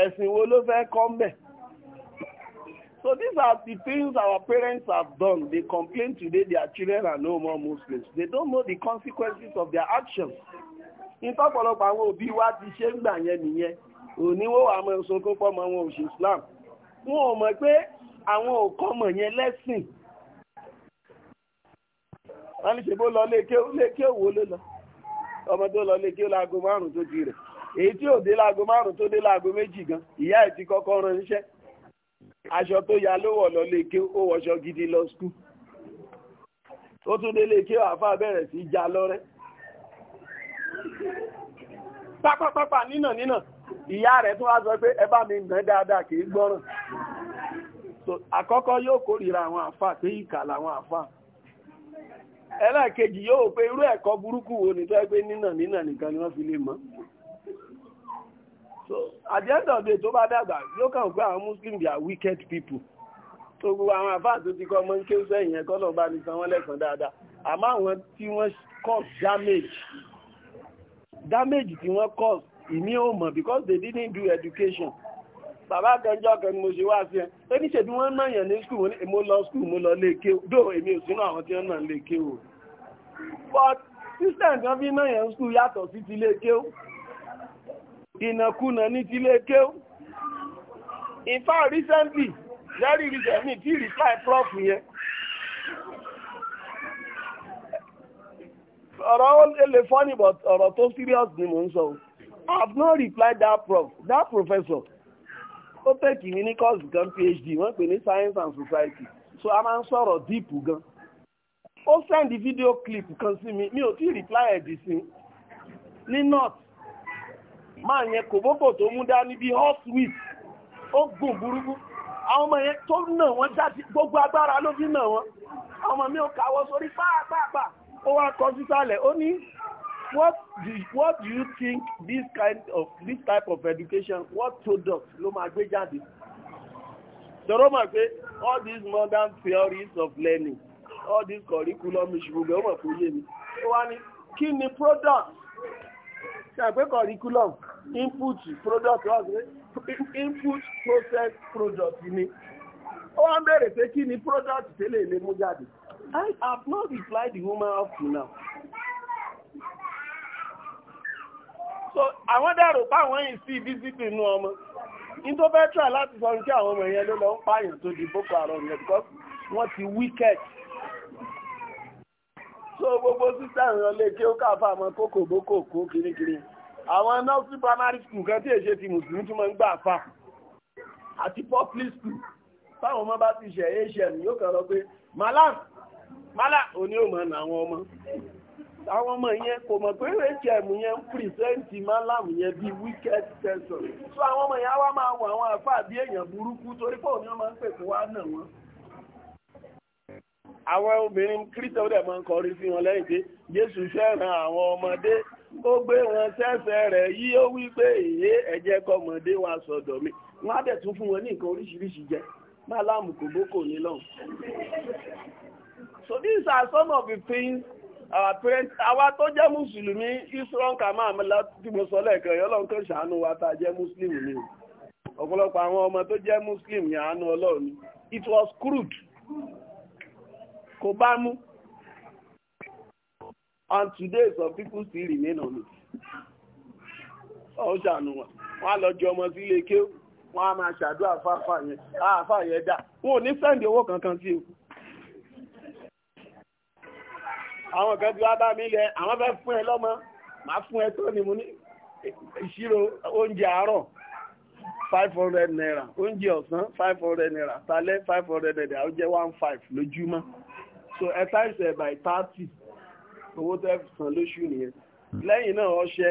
ẹ̀sìn wo ló fẹ́ kọ́ mbẹ̀. So these are the things our parents have done. They complain today their children are no more Muslims. They don't know the consequences of their actions. Ìtọ́pọ̀lọpọ̀ àwọn òbí wa ti ṣe ń gbà yẹn nìyẹn. Òní wò wá mọ ìsokó pọ́mọ wọn ò ṣe Islam. Wọn ò mọ̀ pé àwọn òkọ́mọ̀ yẹn lẹ́sìn wọ́n ní ṣèbó lọ lékè òwò ló lọ ọmọ tó lọ lékè láago márùn tó ti rẹ̀ èyí tí ò dé láago márùn tó dé láago méjì gan ìyá ti ran iṣẹ́ aṣọ tó ya ló wọ̀ lọ lékè ó wọṣọ gidi lọ skul ó tún dé lékè àáfàá bẹ̀rẹ̀ sí já lọ́rẹ́ pápápápá nínà nínà ìyá rẹ̀ tún wá sọ pé ẹ bá mi dáadáa kì í ẹlẹ́ẹ̀kejì yóò pé irú ẹ̀kọ́ burúkú wo ni tẹ́ pé nínà nínà nìkan ni wọ́n fi lè mọ́ so at the end of the day tó bá dàgbà yóò pé àwọn muslims they are wicked people tó gbogbo àwọn àfáà tó ti kọ́ ọmọ ń ké sẹ́yìn ẹ̀kọ́ lọ bá ní san lẹ́sàn damage damage tí wọ́n cause ò mọ̀ because they didn't do education bàbá kan ni mo ṣe wá sí ẹ pé níṣẹ́ bí wọ́n náà yàn ní lọ skul mo lọ lè ké o dó èmi ò sínú àwọn tí wọ́n o but system kan fi náà yẹn skúl yàtọ̀ sí ti lé kéw ìnàkúnà ní ti lé kéw in fact recently very recently tí reply prof yẹn ọ̀rọ̀ ó lè funny but ọ̀rọ̀ tó serious ni mò ń sọ I have not replied that prof that professor ó tẹ̀kì mí ní course gan PhD wọ́n pè ní science and society so a máa ń sọ̀rọ̀ deep gan ó sẹ́ndì fídíò clip kan sí mi mi ò tí reply ẹ̀dì sí ní north máa yẹn kòbókò tó mú dání bí hot wheat ó gùn burúkú àwọn ọmọ yẹn tó nà wọ́n jáde gbogbo agbára ló fi nà wọ́n àwọn ọmọ mi ò káwọ́ sórí pàápàá ó wá kọ sísàlẹ̀ ó ní what do what do you think this kind of this type of education what product ló máa gbé jáde? Dọ̀rọ̀ mà pé all these modern theories of learning all this curriculum issue gbogbo ọmọ kò yé mi wá ní kí ni product ṣàgbé curriculum input product wá sí input process product ni ó wá ń bèèrè pé kí ni product tẹ́lẹ̀ lè mú jáde I have not replied the woman up to now so àwọn dẹ̀rù báwọn yìí sí bísítì inú ọmọ ní tó fẹ́ try láti sọ ní kí àwọn ọmọ yẹn ló lọ ń pààyàn tó di boko haram yẹn because wọ́n ti wicked so gbogbo sísá ìran lè kí ó káfà àwọn kókò bókò kó kirikiri àwọn nọ́ọ̀sì primary school kan tí èṣe ti mùsùlùmí tún máa ń gbà fà àti public school táwọn ọmọ bá ti ṣe asian yóò kàn lọ pé malam malam òní ò mọ̀ àwọn ọmọ àwọn ọmọ yẹn kò mọ̀ pé hm yẹn ń pìrìsẹ́ǹtì malam yẹn bíi wicked person so àwọn ọmọ yẹn á wá máa wọ àwọn àfáà bí èèyàn burúkú torí pé òní wọn máa ń pè fún wa náà wọn àwọn obìnrin kírísítọ̀ dẹ̀ máa ń kọrin sí wọn lẹ́yìn pé jésù fẹ́ràn àwọn ọmọdé ó gbé wọn sẹ́sẹ̀ rẹ̀ yí ó wí pé èyí ẹ̀jẹ̀ kọmọdé wa sọ̀dọ̀ mi wọ́n á dẹ̀ tún fún wọn ní nǹkan oríṣiríṣi jẹ máàlámù kò bókò ní lọ́hùn. so these are some of the things our parents àwa tó jẹ́ mùsùlùmí isron kamam láti mo sọ lẹ́ẹ̀kan yọ lọ́n kan ṣàánú wa tá a jẹ́ muslim ni o ọ̀pọ̀lọpọ̀ àwọn ọmọ tó jẹ́ muslim yẹn àánú ọlọ́run it was crude kò bá mú and today some people still remain on it ọ̀ṣàánú wọn wọn á lọ jẹ ọmọ sí ilé kéwù wọn á máa ṣàdúrà fáfà yẹn àáfà yẹn dà wọn ò ní sẹ́ǹdì owó kankan sí o àwọn kan tí wá bá mi lẹ àwọn fẹ́ fún ẹ lọ́mọ màá fún ẹ tó ni mo ní ìṣirò oúnjẹ àárọ̀ five hundred naira oúnjẹ ọ̀sán five hundred naira talẹ́ five hundred naira ó jẹ́ one five lójúmọ́ so ẹ times by thirty owó tẹ́ san lóṣù nìyẹn lẹ́yìn náà ọṣẹ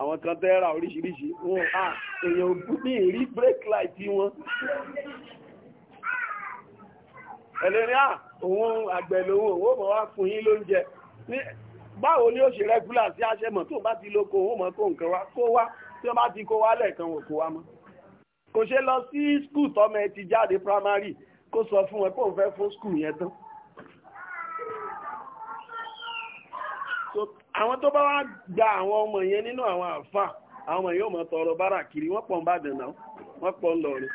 àwọn kan tẹ́ ra oríṣiríṣi wọn à èèyàn ní ìrí break light wọn ẹlẹ́rìí à òun àgbẹ̀ lòun òun ó mọ̀ wá fún yín lóúnjẹ báwo ni ó ṣe rẹ́gúlà sí aṣẹ́mọ̀ tó bá ti lóko òun mọ̀ kó nǹkan wá kó wá tí wọ́n bá ti kó wá lẹ́ẹ̀kan wò kó wá mọ́ kò ṣe lọ sí skul tọ́mọ ẹ ti jáde primary kó sọ fún wọn kó n fẹ́ fún skul yẹn tán àwọn tó bá wá gba àwọn ọmọ yẹn nínú àwọn àfà àwọn ọmọ yóò mọ̀ tọrọ bára kiri wọ́n pọ̀ ń bá dàn náà wọ́n pọ̀ ń lọrin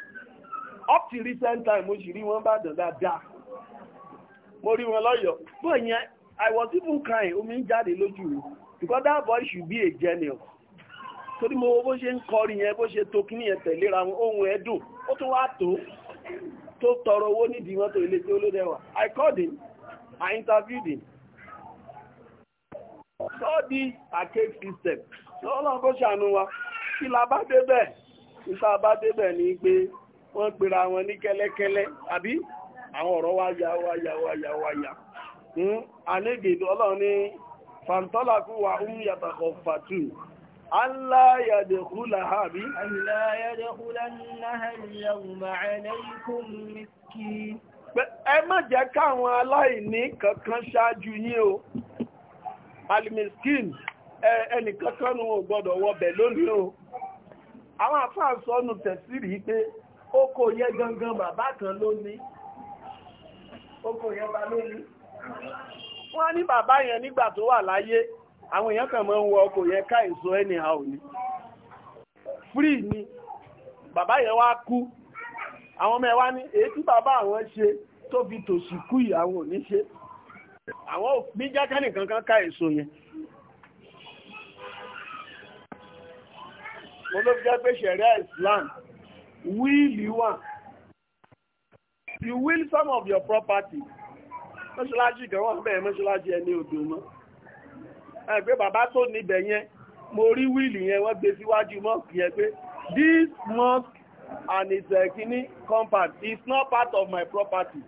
up till recent time mo sì rí wọn bá dáadáa mo rí wọn lọ́yọ̀ọ́ bó yẹn I was even crying omi ń jáde lójú mi because that boy should be a genius torí mo bó ṣe ń kọrin yẹn bó ṣe to kíní yẹn tẹ̀léra wọn ohun ẹ̀ ó tún wá tó tó tọrọ owó nídìí wọn tó ilé tí olódẹwà I called him I interviewed him sọ́ọ́dí arcade system lọ́lọ́run kó ṣàánú wa kí la bá débẹ̀ kí la bá débẹ̀ ní pé wọ́n pera wọn ní kẹ́lẹ́kẹ́lẹ́ àbí àwọn ọ̀rọ̀ wá ya wá ya wá ya wá ya anégèdè hmm? ọlọ́run ní fàntọ́làkú wa ń yàtàkọ̀ fàtù aláyàdẹ̀kúlà àbí aláyàdẹ̀kúlà náà yàwùmà ẹ̀lẹ́ikún mìkí ẹ má jẹ́ káwọn aláìní kankan ṣáájú yín o alimiskin ẹnìkankan ní wọn gbọ́dọ̀ wọbẹ̀ lónìí o àwọn àfáà sọnù tẹ̀sírì pé oko yẹ gangan bàbá kan lónìí oko yẹ bá lónìí wọ́n ní bàbá yẹn nígbà tó wà láyé àwọn èèyàn kàn máa ń wọ oko yẹ ká èso ẹnìhà òní free ni bàbá yẹn wá kú àwọn ọmọ ẹ wá ní èyí tí bàbá àwọn ṣe tó fi yìí àwọn ò ní ṣe àwọn òbí jákẹ́ nìkan kan ká èso yẹn mo ló fi jẹ́ pé ṣẹ̀ríà Islam wíìlì wà you will some of your property mọ́ṣáláṣí kan wọ́n bẹ̀rẹ̀ mọ́ṣáláṣí ẹni odò mọ́ ẹgbẹ́ bàbá tó níbẹ̀ yẹn mo rí wíìlì yẹn wọ́n gbé síwájú mọ́ọ̀kì yẹn pé this mosque and it's a uh, kini compound it's not part of my property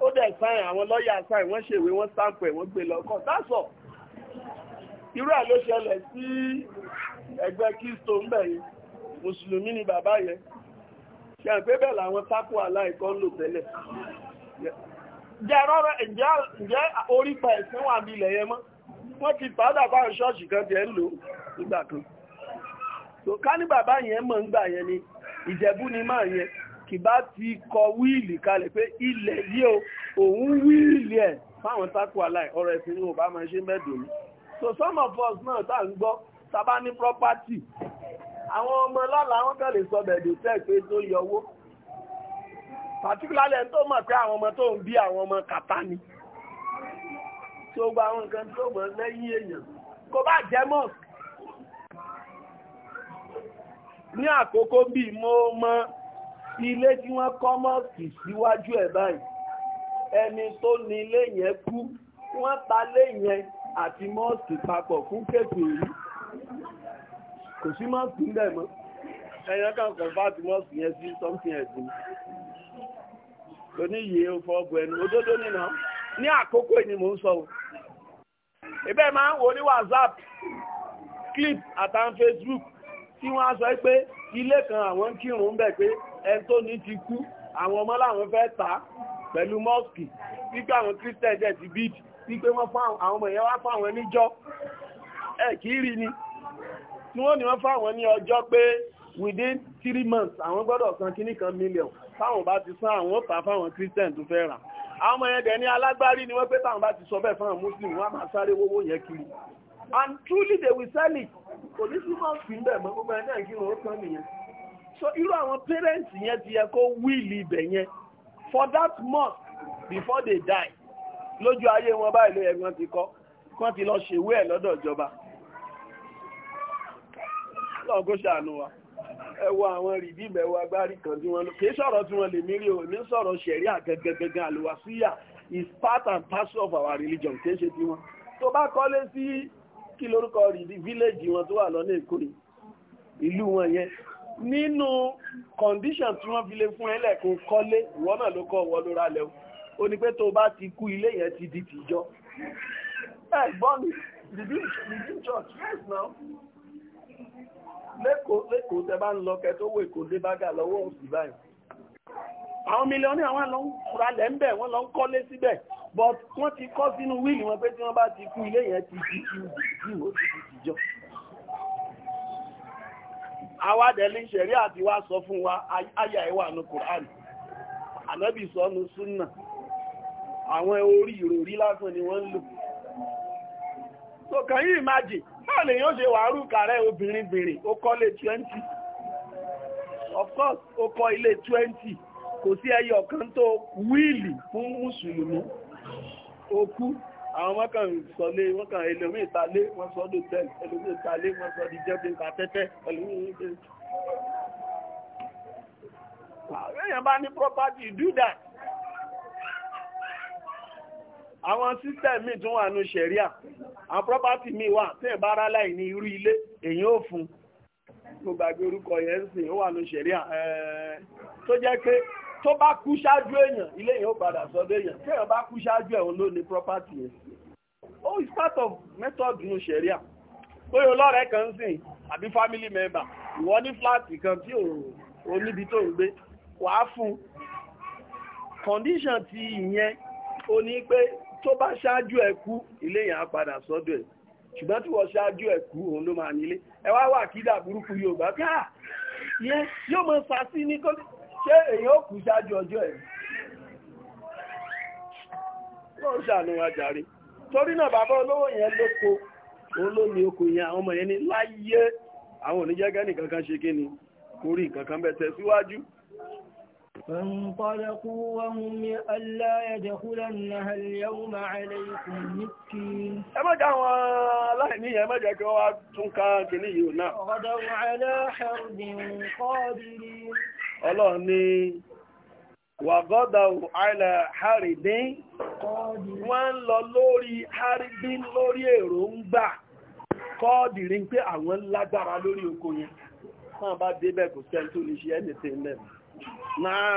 ó dẹ̀ sign àwọn lọ́ọ̀yà sign wọ́n ṣèwé wọ́n stamp ẹ̀ wọ́n gbé lọ kọ́ that's all irú ẹ̀ ló ṣẹlẹ̀ sí ẹgbẹ́ keystone bẹ̀ yìí mùsùlùmí ni bàbá yẹn ṣe àpé bẹ́ẹ̀ làwọn tákù aláìkọ́ ń lò tẹ́lẹ̀ jẹ́ rọ́rọ́ ǹjẹ́ orí pa ẹ̀sìn wà ní ilẹ̀ yẹn mọ́ wọ́n ti padà fáwọn ṣọ́ọ̀ṣì kan tiẹ̀ ń lò nígbà kan so ká ní bàbá yẹn mọ̀ ń gbà yẹn ni ìjẹ̀bú ni máa yẹn kì ti kọ wíìlì kalẹ̀ pé ilẹ̀ yìí o òun wíìlì ẹ̀ fáwọn tákù aláì ọ̀rọ̀ ẹ̀sìn ni ò máa ṣe mẹ́dùnú so some of us náà tá ń gbọ́ sábà ní property àwọn ọmọ lọ́la wọn kàn lè sọ bẹ̀dù tẹ́ pé tó yọ particularly ẹni tó mọ̀ pé àwọn ọmọ tó ń bí àwọn ọmọ kàtá ni tó gba àwọn nǹkan tó mọ̀ lẹ́yìn èèyàn kò bá jẹ́ mosque ní àkókò bí mo mọ ilé tí wọ́n kọ́ mọ́ọ̀sì síwájú ẹ̀ báyìí ẹni tó ní ilé yẹn kú wọ́n ta lé yẹn àti mọ́ọ̀sì papọ̀ fún kékeré kò sí mọ́ọ̀sì ń bẹ̀ mọ́ ẹ̀yàn kan kàn bá ti mọ́ọ̀sì yẹn sí something ẹ̀sìn oníyè òfò ọgbọ ẹnu òdodo nínà ní àkókò ni mò ń sọ o ìbẹ́ máa ń wò ní WhatsApp clip àtàwọn Facebook tí wọ́n á sọ pé ilé kan àwọn ń kírun bẹ̀ pé ẹni tó ní ti kú àwọn ọmọ láwọn fẹ́ tà pẹ̀lú mọ́ọ̀sì wípé àwọn christian jẹ́ ti bíìdì wípé wọ́n fún àwọn ọmọ ìyẹn wá fún àwọn níjọ́ ẹ̀ kì ni tí wọ́n ní wọ́n fún àwọn ní ọjọ́ pé within three months àwọn gbọ́dọ̀ san kíní kan million táwọn bá ti san àwọn ó fáwọn christian tó fẹ́ rà àwọn ọmọ yẹn dẹ̀ ní alágbárí ni wọ́n pé táwọn bá ti sọ bẹ́ẹ̀ fáwọn muslim wọ́n á máa sáré owó yẹn kiri and truly they will sell it kò ní sí máa fi bẹ́ẹ̀ mọ́ gbogbo ẹni àìkírun ó tán nìyẹn so irú àwọn parents yẹn ti yẹ kó wíìlì ibẹ̀ yẹn for that month before they die lójú ayé wọn báyìí ló yẹ kí wọ́n ti kọ́ kán ti lọ ṣèwé ẹ̀ lọ́dọ̀ ìjọba lọ́n kó ṣàánú wa ẹ wo àwọn rìbí mẹ́wàá agbárí kan tí wọ́n lò kìí sọ̀rọ̀ tí wọ́n lè mírí o èmi sọ̀rọ̀ ṣẹ̀rí àgẹ́gẹ́gẹ́gẹ́ àlùwàsíyà is part and parcel of our religion kìí ṣe tiwọn tó bá kọ́lé sí kí lórúkọ rí di fílẹ̀jì wọn tó wà lọ́nà èkó yìí ìlú wọn yẹn nínú kọ̀ǹdíṣàn tí wọ́n fi lè fún ẹlẹ́kùn kọ́lé ìwọ náà ló kọ́ wọ lóra lẹ́wọ̀ ó ní pé tó bá ti kú ilé yẹn ti di tìjọ ẹ gbọ́ mi redeem church yes now lẹ́kọ̀ọ́ lẹ́kọ̀ọ́ tẹ bá ń lọ kẹ tó wọ èkó dé bága lọ́wọ́ òsì báyìí àwọn mílíọ̀nù àwọn lọ ń ra wọ́n lọ kọ́lé síbẹ̀ but wọ́n ti kọ́ sínú wíìlì wọn pé tí wọ́n bá ti kú ilé yẹn ti di ìwò ti ti jọ awádẹ̀lé ìṣẹ̀rí àti wá sọ fún wa ayà ẹwà ní Qur'an ànábì sọ ní súnà àwọn orí ìròrí lásán ni wọ́n lò so can you imagine báà lè yóò ṣe wàárù kààrẹ obìnrin bèrè ó kọ́lé 20 of course ó kọ́ ilé 20 kò sí ẹyọ kan tó wíìlì fún mùsùlùmí ó kú àwọn mọ́kàn sọlé mọ́kàn ẹlòmí ìtàlé wọ́n sọ ọdún tẹ́lẹ̀ ẹlòmí ìtàlé wọ́n sọ di jẹ́bí ìta tẹ́tẹ́ ẹlòmí ìtẹ́ èèyàn bá ní property do that àwọn system míì tún wà ní sẹ̀ríà àwọn property míì wà tí ẹ̀ bá rá láì ní irú ilé èyàn ò fún gbogbo àgbé orúkọ yẹn ń sìn ó wà ní sẹ̀ríà tó jẹ́ pé tó bá kú ṣáájú èèyàn ilé yẹn ó padà sọ déèyàn tí èèyàn bá kú ṣáájú ẹ̀ òun ló ní property yẹn ó is part of method nu ṣẹ̀ríà bóyá ọlọ́rẹ̀ kan ń sìn àbí family member ìwọ ní fúláàtì kan tí ò níbi tó ń gbé wàá fún condition ti ìyẹn ó ní pé tó bá ṣáájú ẹ̀ kú ilé yẹn á padà sọ́dọ̀ ẹ̀ ṣùgbọ́n tí wọ́n ṣáájú ẹ̀ kú òun ló máa nílé ẹ wá wà kídà burúkú Yorùbá káà ah, yẹn yóò mọ sàásì ní kọ́lé ṣé èyàn ó kù ṣáájú ọjọ́ ẹ̀ lọ́n ṣàánú ajáre torí náà bàbá olówó yẹn lóko òun ló ní oko yẹn àwọn ọmọ yẹn ní láyé àwọn oníjẹ́gẹ́ nìkan kankan ṣe kí ni kò rí nǹkan kan bẹ́ẹ̀ tẹ̀síwájú فانطلقوا وهم ألا يدخلنها اليوم عليكم مسكين أما جاءوا لحني أما جاءوا تنكا ọlọ́run ní wàgọ́dà àìlà haribin wọ́n ń lọ lórí haribin lórí èròǹgbà kọ́ọ̀dì rí pé àwọn lágbára lórí oko yẹn náà bá débẹ̀ kò sẹ́ni tó lè ṣe anything lẹ́nu náà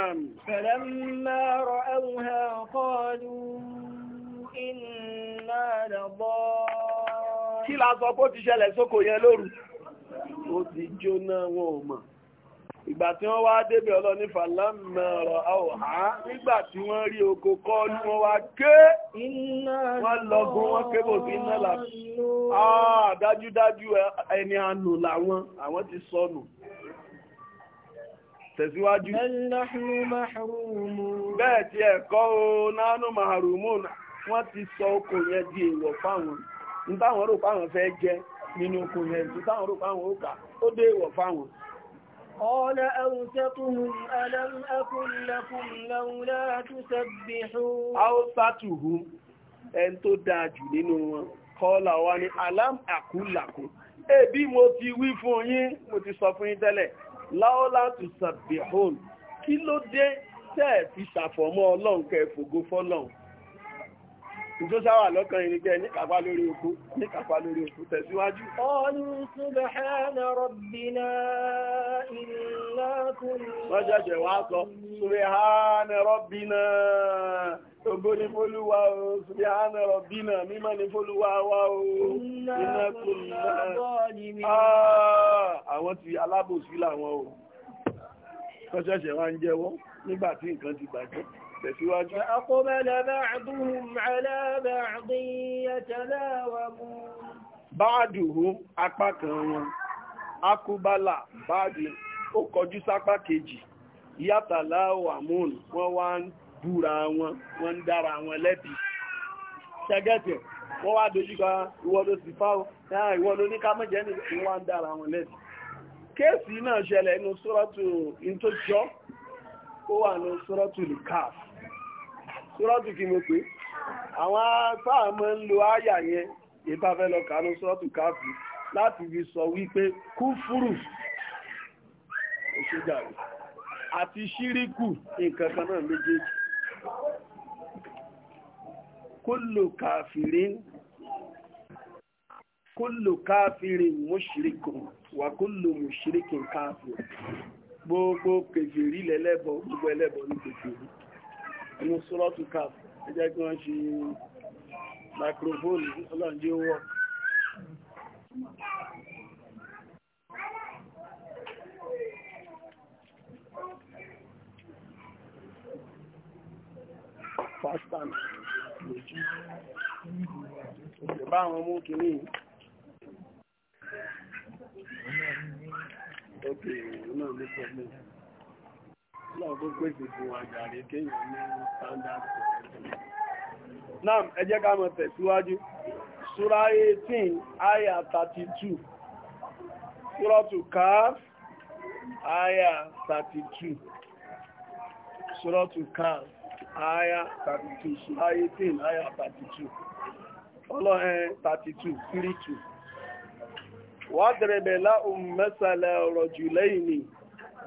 fẹ̀lẹ́mà rọ̀ ẹ̀wùhà kọ́ọ̀lù iná lọ́bọ́ kí la sọ pé ó ti ṣẹlẹ̀ sóko yẹn lóru ó ti jóná wọn ò mọ̀ ìgbà tí wọ́n wá débẹ̀ ọlọ́ni fàlámẹ̀rọ̀ àwòhá nígbà tí wọ́n rí oko kọ́ ní wọ́n wá ké wọ́n lọ́gún wọ́n kébò sí iná là ah, dájúdájú ẹni ànù làwọn àwọn ti sọnù tẹ̀síwájú bẹ́ẹ̀ tí ẹ̀kọ́ o nánú maharumu wọ́n ti sọ oko yẹn di èèwọ̀ fáwọn ní táwọn rò fáwọn fẹ́ jẹ nínú oko yẹn ní táwọn rò fáwọn ó kà ó dé èèwọ̀ fáwọn قال أوسطهم ألم أكن لكم لولا تسبحون أوسطهم ẹn tó dáa jù nínú wọn kọ́lá wa ni alam mo ti wí fún yín mo ti sọ fún yín tẹ́lẹ̀ láọ́lá tù sàbíhùn kí ló dé tẹ́ẹ̀ fi ṣàfọ̀mọ́ ọlọ́run kẹfògo fọ́lọ́run tó sáwà lọ́kàn ìrìnkẹ́ níkàpá lórí òkú níkàpá lórí òkú tẹ̀síwájú. inna kunna. wọ́n ṣẹ̀ṣẹ̀ wá sọ subhana rabbina ògbó ní fólúwa o subhana rabbina mímọ́ ní fólúwa wa o inna kunna. Ah, àwọn ti alábòsí làwọn o wọ́n ṣẹ̀ṣẹ̀ wá ń jẹ́wọ́ nígbà tí nǹkan ti bàjẹ́ tẹ̀síwájú. Àkọ́bẹ̀lẹ̀ بعضهم على ba'din yatalawamun. Ba'duhum apá kan wọn, akúbálà báàdì ó kọjú sápá وان yatalawamun wọ́n wá ń búra wọn, wọ́n ń dára wọn lẹ́bi. Ṣẹ́gẹ́tẹ̀, wọ́n wá dojúkọ ìwọ ló sì fáwọ́, ìwọ ló ní ká mọ́jẹ́ ní wọ́n ń dára wọn lẹ́bi. Kéèsì náà ṣẹlẹ̀ inú sọ́rọ́tù ìntòjọ́, ó wà ní sọ́rọ́tù lùkáàfù sọ́rọ́tù kí mo pè àwọn táà máa ń lo àyà yẹn ìta fẹ́ lọ kàánú sọ́rọ́tù káàfù láti fi sọ wípé kúfúrù òṣèjàre àti ṣíríkù nǹkan kan náà méjèèjì kúlù káàfìrín kúlù káàfìrín mùṣírikù wà kúlù mùṣírikù káàfìrín gbogbo kèfèrí lẹ́lẹ́bọ gbogbo ẹlẹ́bọ ní kèfèrí inú sọ́lọ́tù cap ẹjẹ́ kí wọ́n ṣe microphone ọlọ́njẹ́ owó fastan bá àwọn mú kìíní Okay, no, no problem. naam pèsè fún ẹ jẹ́ ká mọ̀ tẹ̀síwájú súra 18 32 súrọ́tù káf 32 súrọ́tù káf àyà 32 súra 18 àyà 32 ọlọ́ẹ̀ 32 32 mẹ́sàlẹ̀ ọ̀rọ̀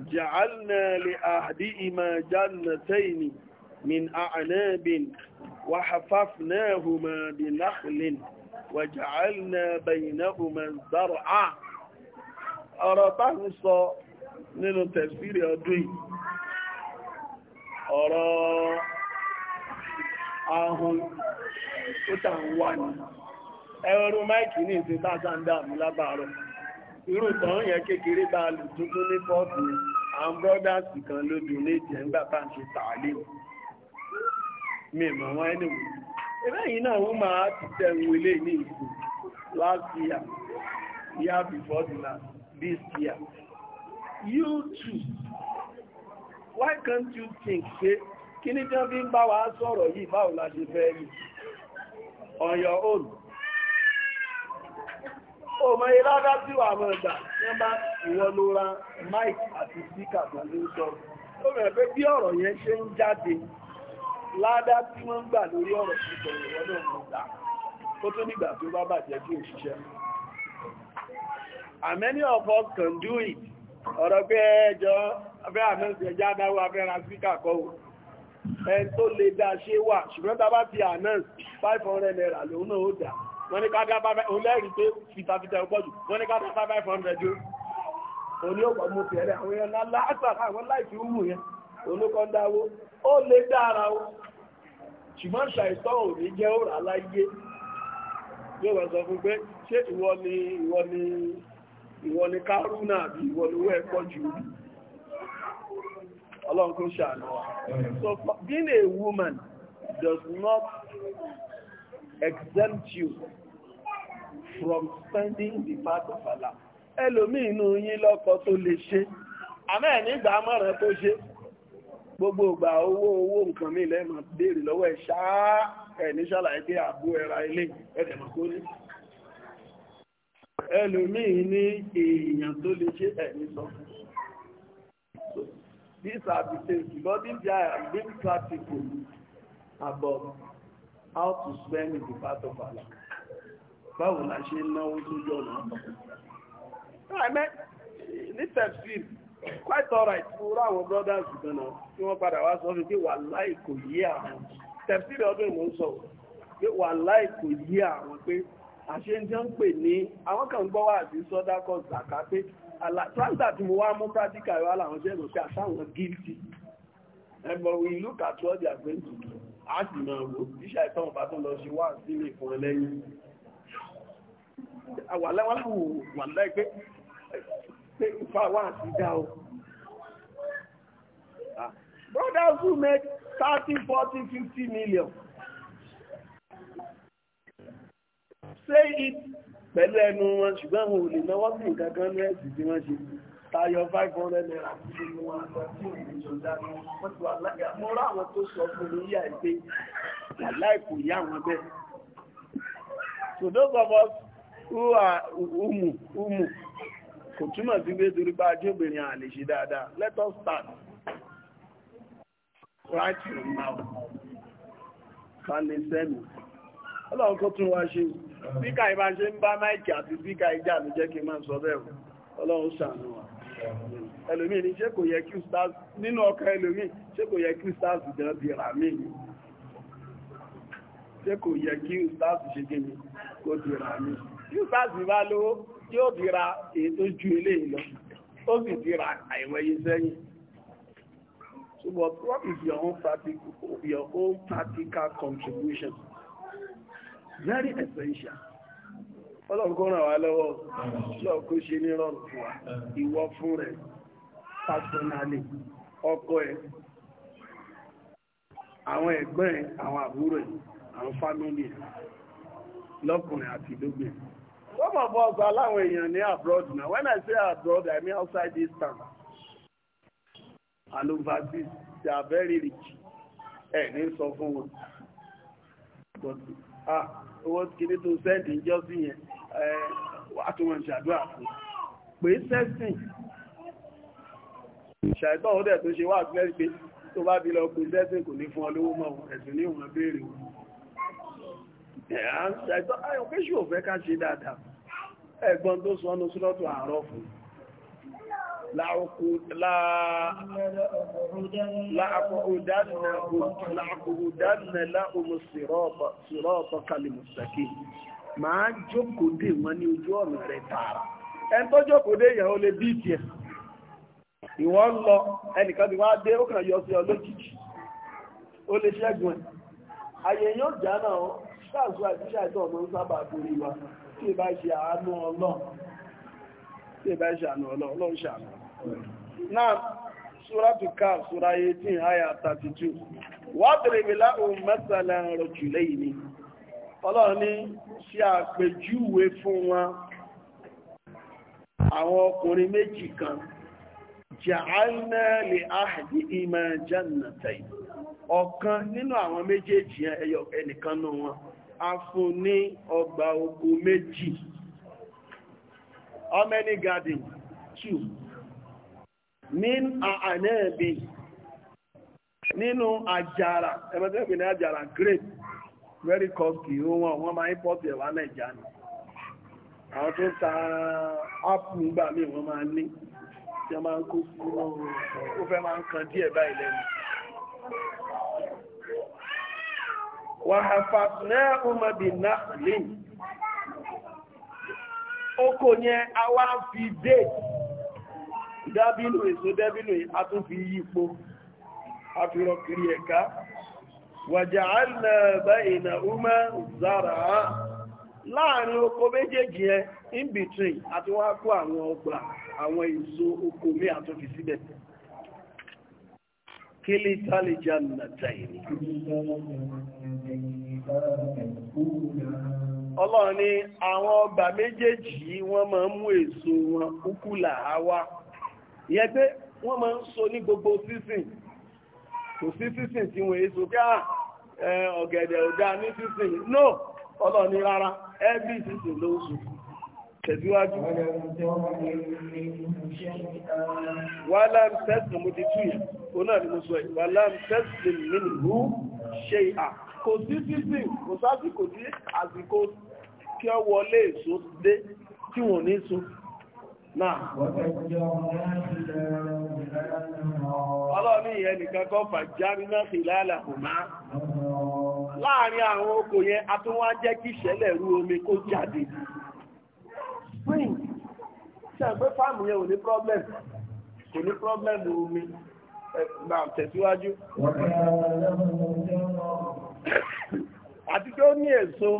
جعلنا لأهدئما جنتين من أعناب وحففناهما بنخل وجعلنا بينهما الزرع ọ̀rọ̀ tá ń sọ nínú tẹ̀sírí ọdún yìí ọ̀rọ̀ ahun tó tàn wà ní ẹ̀rọ máìkì ní ìsìn tàbí àmì lábàárọ̀ irú ìtàn yẹn kékeré bá lù tuntun ní pọ́ọ̀tù àwọn kan ló donate ẹ̀ ńgbà tá à ṣe tààlé mi mọ̀ wọ́n ẹni wò ẹ̀rẹ́yìn náà wọ́n máa ti tẹ̀ ń wọlé ní ìsìn last year year before the last this year you too why can't you think say kí ni tí wọ́n fi ń bá wa sọ̀rọ̀ yìí báwo la ṣe fẹ́ rí on your own ọmọ ìlàdá tí wà mọ̀ ìgbà wọ́n ìwọ ló mike àti síkà pẹ̀lú sọ ó rẹ̀ pé bí ọ̀rọ̀ yẹn ṣe ń jáde ládá tí wọ́n ń gbà lórí ọ̀rọ̀ púpọ̀ ìwọ náà mọ̀ gbà ó tó nígbà tó bá bàjẹ́ tí ò ṣiṣẹ́ and many of us can do it ọ̀rọ̀ pé ẹjọ́ abẹ́ àmẹ́sì ẹjá dáwọ́ abẹ́ra síkà kọ́ ò ẹni tó lè dá ṣe wà ṣùgbọ́n tá bá ti àmẹ́sì 500 naira lòun náà ó dà wọ́n ní káàdá bá bá olẹ́rìí fìtàfìtà ọ̀pọ̀ wọ́n ní káàdá bá bá five hundred jù òní ọ̀pọ̀ àwọn èèyàn ńlá àwọn láìsí ń yẹn olókọ́ ń dáwó ó lè dára o ṣùgbọ́n ṣàìsàn ò jẹ́ òrà láyé yóò wá sọ fún pé ṣé ìwọ ni ìwọ ni ìwọ ni kárúnà àbí ìwọ ni owó ẹ̀pọ̀ jù ọlọ́run kò ṣàánú so being a woman does not exempt you from spending the part of Allah. ẹlòmíì inú yín lọ́kọ tó lè ṣe àmẹ́ nígbà mọ́ràn tó ṣe gbogbo ìgbà owó owó nǹkan mi lẹ́mọ̀ béèrè lọ́wọ́ ẹ̀ ṣáá ṣàlàyé pé àbú ẹra ilé ẹ̀dẹ̀mọ̀ kó ní ẹlòmíì ní èèyàn tó lè ṣe ẹ̀ sọ these are the things because these are being practical about how to spend the part of Allah báwo la ṣe náwó sójú ọ̀nà ọ̀pọ̀ ní tẹ̀síl quite alright fún àwọn brothers gan náà tí wọ́n padà wá sọ fún pé wà láì kò yí àwọn tẹ̀síl ọdún ìmọ̀ ń sọ pé wà láì kò yí àwọn pé àṣẹ ń jẹ́ ń pè ní àwọn kan gbọ́ wà sí sọ́dá kọ́ zàká pé aláàtúrásà tí mo wá mú practical wà láwọn jẹ́ lọ àtàwọn guilty ẹgbọ̀n we look at what they are going to do á sì máa wò tíṣà ìtọ́wọ̀n bá tó lọ ṣe wá sílé fún ọ ah, brothers who make thirty forty fifty million say it pẹ̀lú ẹnu wọn ṣùgbọ́n àwọn olè náwó sí nǹkan ní ẹ̀sìn tí wọ́n ṣe tayọ 500 naira tí mo wà sọ dáná wọ́n ti wà láyà kò yá so those of us who are umu umu kò túmọ̀ sí pé torí bá ajé obìnrin à lè ṣe dáadáa let us start right from now ká lè sẹ́mi ọlọ́run kó tún wá ṣe síkà ìbáṣe ń bá máìkì àti síkà ìjà ló jẹ́ kí n máa sọ bẹ́ẹ̀ ọlọ́run ṣàánú wa ẹlòmí ni ṣé kò yẹ kí stars nínú ọkọ̀ ẹlòmí ṣé kò yẹ kí stars gan bí ra mí ni ṣé kò yẹ kí stars ṣe gé mi kó bí ra mí kí stars bá lówó yóò bí ra èyí tó ju eléyìí lọ ó sì bí ra sẹ́yìn But what is your own practical, your own practical contribution? Very essential ọlọ́run kó lọ́wọ́ lọ́ọ̀ ṣe ní rọrùn fún wa ìwọ fún rẹ̀ pásọ̀nálì ọkọ ẹ̀ àwọn ẹ̀gbọ́n ẹ̀ àwọn àbúrò ẹ̀ àwọn fámílì ẹ̀ lọ́kùnrin àti lóbìnrin Some of us are allowing èèyàn ní abroad now. When I say abroad, I mean outside this town. And this. they are very rich. Ẹ ní sọ fún wọn. But ah, owó kìíní tó sẹ́ǹdì ń jọ́sí yẹn àtúnwọ̀n ṣàdúrà fún pé sẹ́sìn ṣàìtọ́ ọdẹ̀ tó ṣe wà pẹ́lú pé tó bá bí lọ pé sẹ́sìn kò ní fún olówó mọ́ ẹ̀sùn ní ìwọ̀n béèrè wọn ṣàìtọ́ ayọ̀ pé ṣù òfẹ́ ká ṣe dáadáa ẹ̀gbọ́n tó sọ ọ́nà sílọ́tọ̀ àárọ̀ fún láàkùrù dáadáa láàkùrù dáadáa láàkùrù máa jókòó dè ní ojú ọ̀nà rẹ̀ tààrà ẹni tó jókòó ìyàwó lè bí ìtì ẹ̀ ìwọ ń lọ ẹnìkan ti wá dé ó kàn yọ sí ọ lójijì ó lè ṣẹ́gun ẹ̀ àyè náà ó ọmọ ń sábà torí wa tí ì bá ṣe àánú ọlọ́run tí ì bá ṣe ọlọ́run ní ṣe àpèjúwe fún wa àwọn ọkùnrin méjì kan jàánà lè áhàdì ìmọ̀ jannatay ọ̀kan nínú àwọn méjèèjì ẹyọ ẹnìkan nù wọn a fún ní ọgbà oko méjì how garden two min àánẹ́ẹ̀bì nínú àjàrà ẹgbẹ́gbẹ́ àjàrà grape very costly ó wọ́n wọ́n máa import ẹ̀wà nàìjà ni àwọn tó ta ápù gbà mí wọ́n máa ní tí wọ́n máa ń kó ó fẹ́ máa ń kan díẹ̀ báyìí lẹ́nu wàhàfàfẹ́ ọmọbì náà lẹ́yìn oko yẹn a wá fi dé èso wàjàánà báyìí na umar zara láàrin oko méjèèjì ẹ in between àti wá kó àwọn ọgbà àwọn èso oko mé àtúnfi síbẹ̀ kí lè tàlè jà nàtà ìní ọlọ́run ni àwọn ọgbà méjèèjì wọ́n ma ń mú èso wọn kúkú làá wá yẹ pé wọ́n ma ń so ní gbogbo season kò sí sísìn tí wọ́n èso pé ah, ọ̀gẹ̀dẹ̀ ò dáa ní sísìn no ọlọ́ni rárá every sísìn ló sùn tẹ̀síwájú wàlám tẹ́sìn mo ti túyẹ̀ o náà ni mo sọ yìí wàlám tẹ́sìn mi nìlú ṣe à kò sí sísìn kò sásìkò sí àsìkò kí ọ wọlé èso dé tí wọ́n ní sùn náà ọlọ́ni ìyẹn nìkan kọ́ fàjárí náà sì láàrin àwọn oko yẹn a tún wá jẹ́ kí ìṣẹ̀lẹ̀ rú omi kó jáde ò ní omi tẹ̀síwájú àti tó ní èso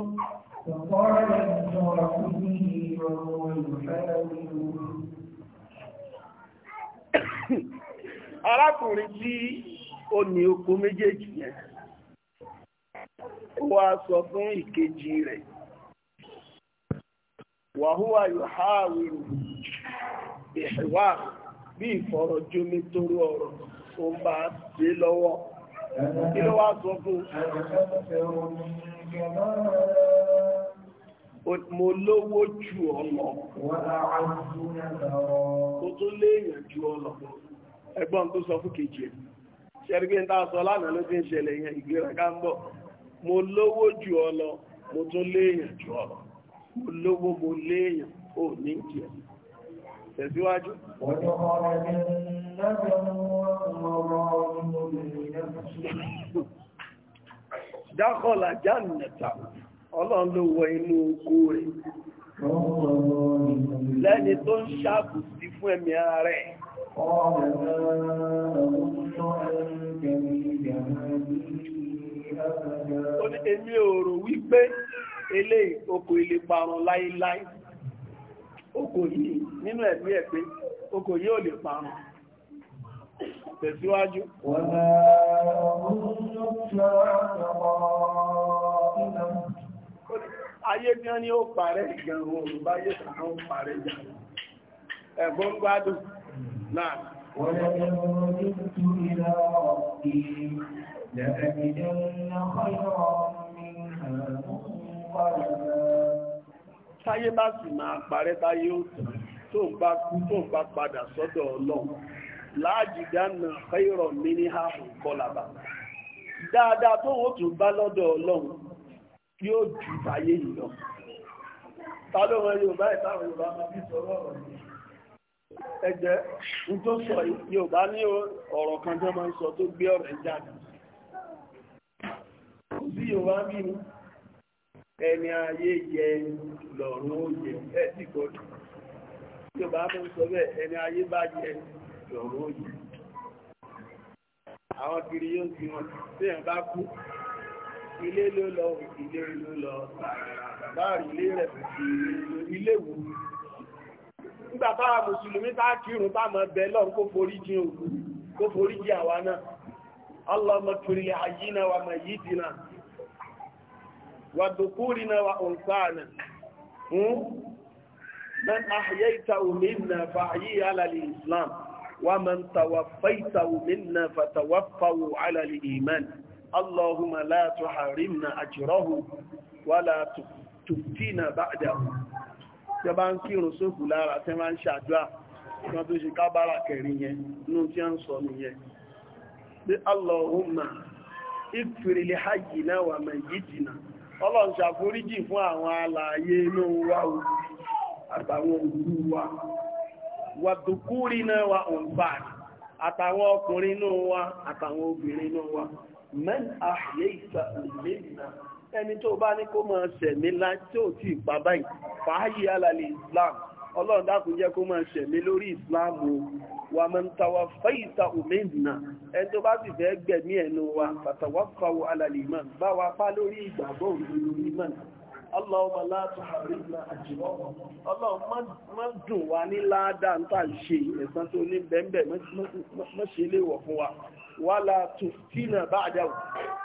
ìrọ̀rùn arákùnrin tí ó ní oko méjèèjì yẹn ó wá sọ fún ìkejì rẹ̀ wàhúwà yóò yòháwìrù ìhìwà bí ìfọ̀rọ̀jomi tóró ọ̀rọ̀ ó ń bá dé lọ́wọ́ kí ló wá sọ fún un. mo lówó ju ọlọ tó tó léèyàn ju ọlọ ẹgbọ́n tó sọ fún kejì ẹ̀ ṣẹ́rígbé ń tàà sọ lánàá ló ti ń ṣẹlẹ̀ yẹn ìgbéraga ń bọ̀ mo lówó ju ọlọ mo tó léèyàn ju ọlọ mo lówó mo léèyàn ò ní jẹ tẹ̀síwájú dákọ̀lá jánìyàn tàbí ọlọ́run ló wọ inú oko rẹ̀ lẹ́ni tó ń ṣàbù sí fún ẹ̀mí ara rẹ̀ ó ní èmi ò wípé ilé oko ilé parun láíláí oko yìí nínú ẹ̀mí ẹ̀ pé oko yìí ò lè parun tẹ̀síwájú wọ́n ayé gan ni ó parẹ́ gan ohun báyé kan ó parẹ́ gan ẹ̀gbọ́n gbádùn náà Táyé bá sì máa parẹ́ táyé ó tó bá kú tó bá sọ́dọ̀ Ọlọ́run ní ààrùn kọlàbà. Dáadáa tó wó bá lọ́dọ̀ Ọlọ́run yóò jù táyé yìí lọ ta ló wọn Yorùbá ìtàwọn Yorùbá máa bí sọ̀rọ̀ ọ̀rọ̀ yìí ẹgbẹ́ n tó sọ Yorùbá ní ọ̀rọ̀ kan tó máa ń sọ tó gbé ọ̀rọ̀ jáde kò sí Yorùbá bí ni ẹni ayé yẹ lọ́rùn ó yẹ ẹ sì gbọ́dọ̀ Yorùbá máa ń sọ bẹ́ẹ̀ ẹni ayé bá yẹ lọ́rùn ó àwọn kiri yóò ti wọn tí ẹ bá kú ilé ló lọ ilé ló lọ báàrí ilé rẹ̀ ilé wò nígbà táwa mùsùlùmí tá kírun tá mọ̀ bẹ́ lọ́n kó forí jìn òkú kó forí jìn àwa náà Allahumma turi hayyina wa mayyitina wa dhukurina wa unsana من أحييته منا فأحيي على الإسلام ومن توفيته منا فتوفوا على الإيمان اللهم لا تحرمنا أجره ولا تفتنا بعده tẹba ń kírun sókù lára tẹ máa ń ṣàdúrà wọn tó ṣe kábára kẹrin yẹn ní tí a ń sọ nìyẹn bí allahumma ìfìrìlẹ̀ hajji náà wà mẹ́yìdìnà ọlọ́run ṣàforíjì fún àwọn alààyè àtàwọn ọkùnrin náà àtàwọn obìnrin náà mẹ́n àṣẹ ìsàlẹ̀mẹ́nà ẹni tó bá ní kó máa ṣẹ̀mí láì tí ò tí ìpa báyìí fàáyí alàlẹ̀ islam ọlọ́run dákun jẹ́ kó máa ṣẹ̀mí lórí islam o wà mẹ́n tàwa fẹ́yìntà òmìnà ẹni tó bá sì fẹ́ gbẹ̀mí ẹnu wa fàtàwà fàwọ alàlẹ̀ imam bá wa pa lórí ìgbàgbọ́ òdodo imam Allahumma la tuharrimna ajrahum Allahumma má dùn wá ní ládàá ń tà ṣe ẹ̀san tó ní bẹ́ẹ̀ bẹ́ẹ̀ mọ́ṣẹ́lẹ̀ wọ̀ fún wa wàlà tòstínà bá àdáwò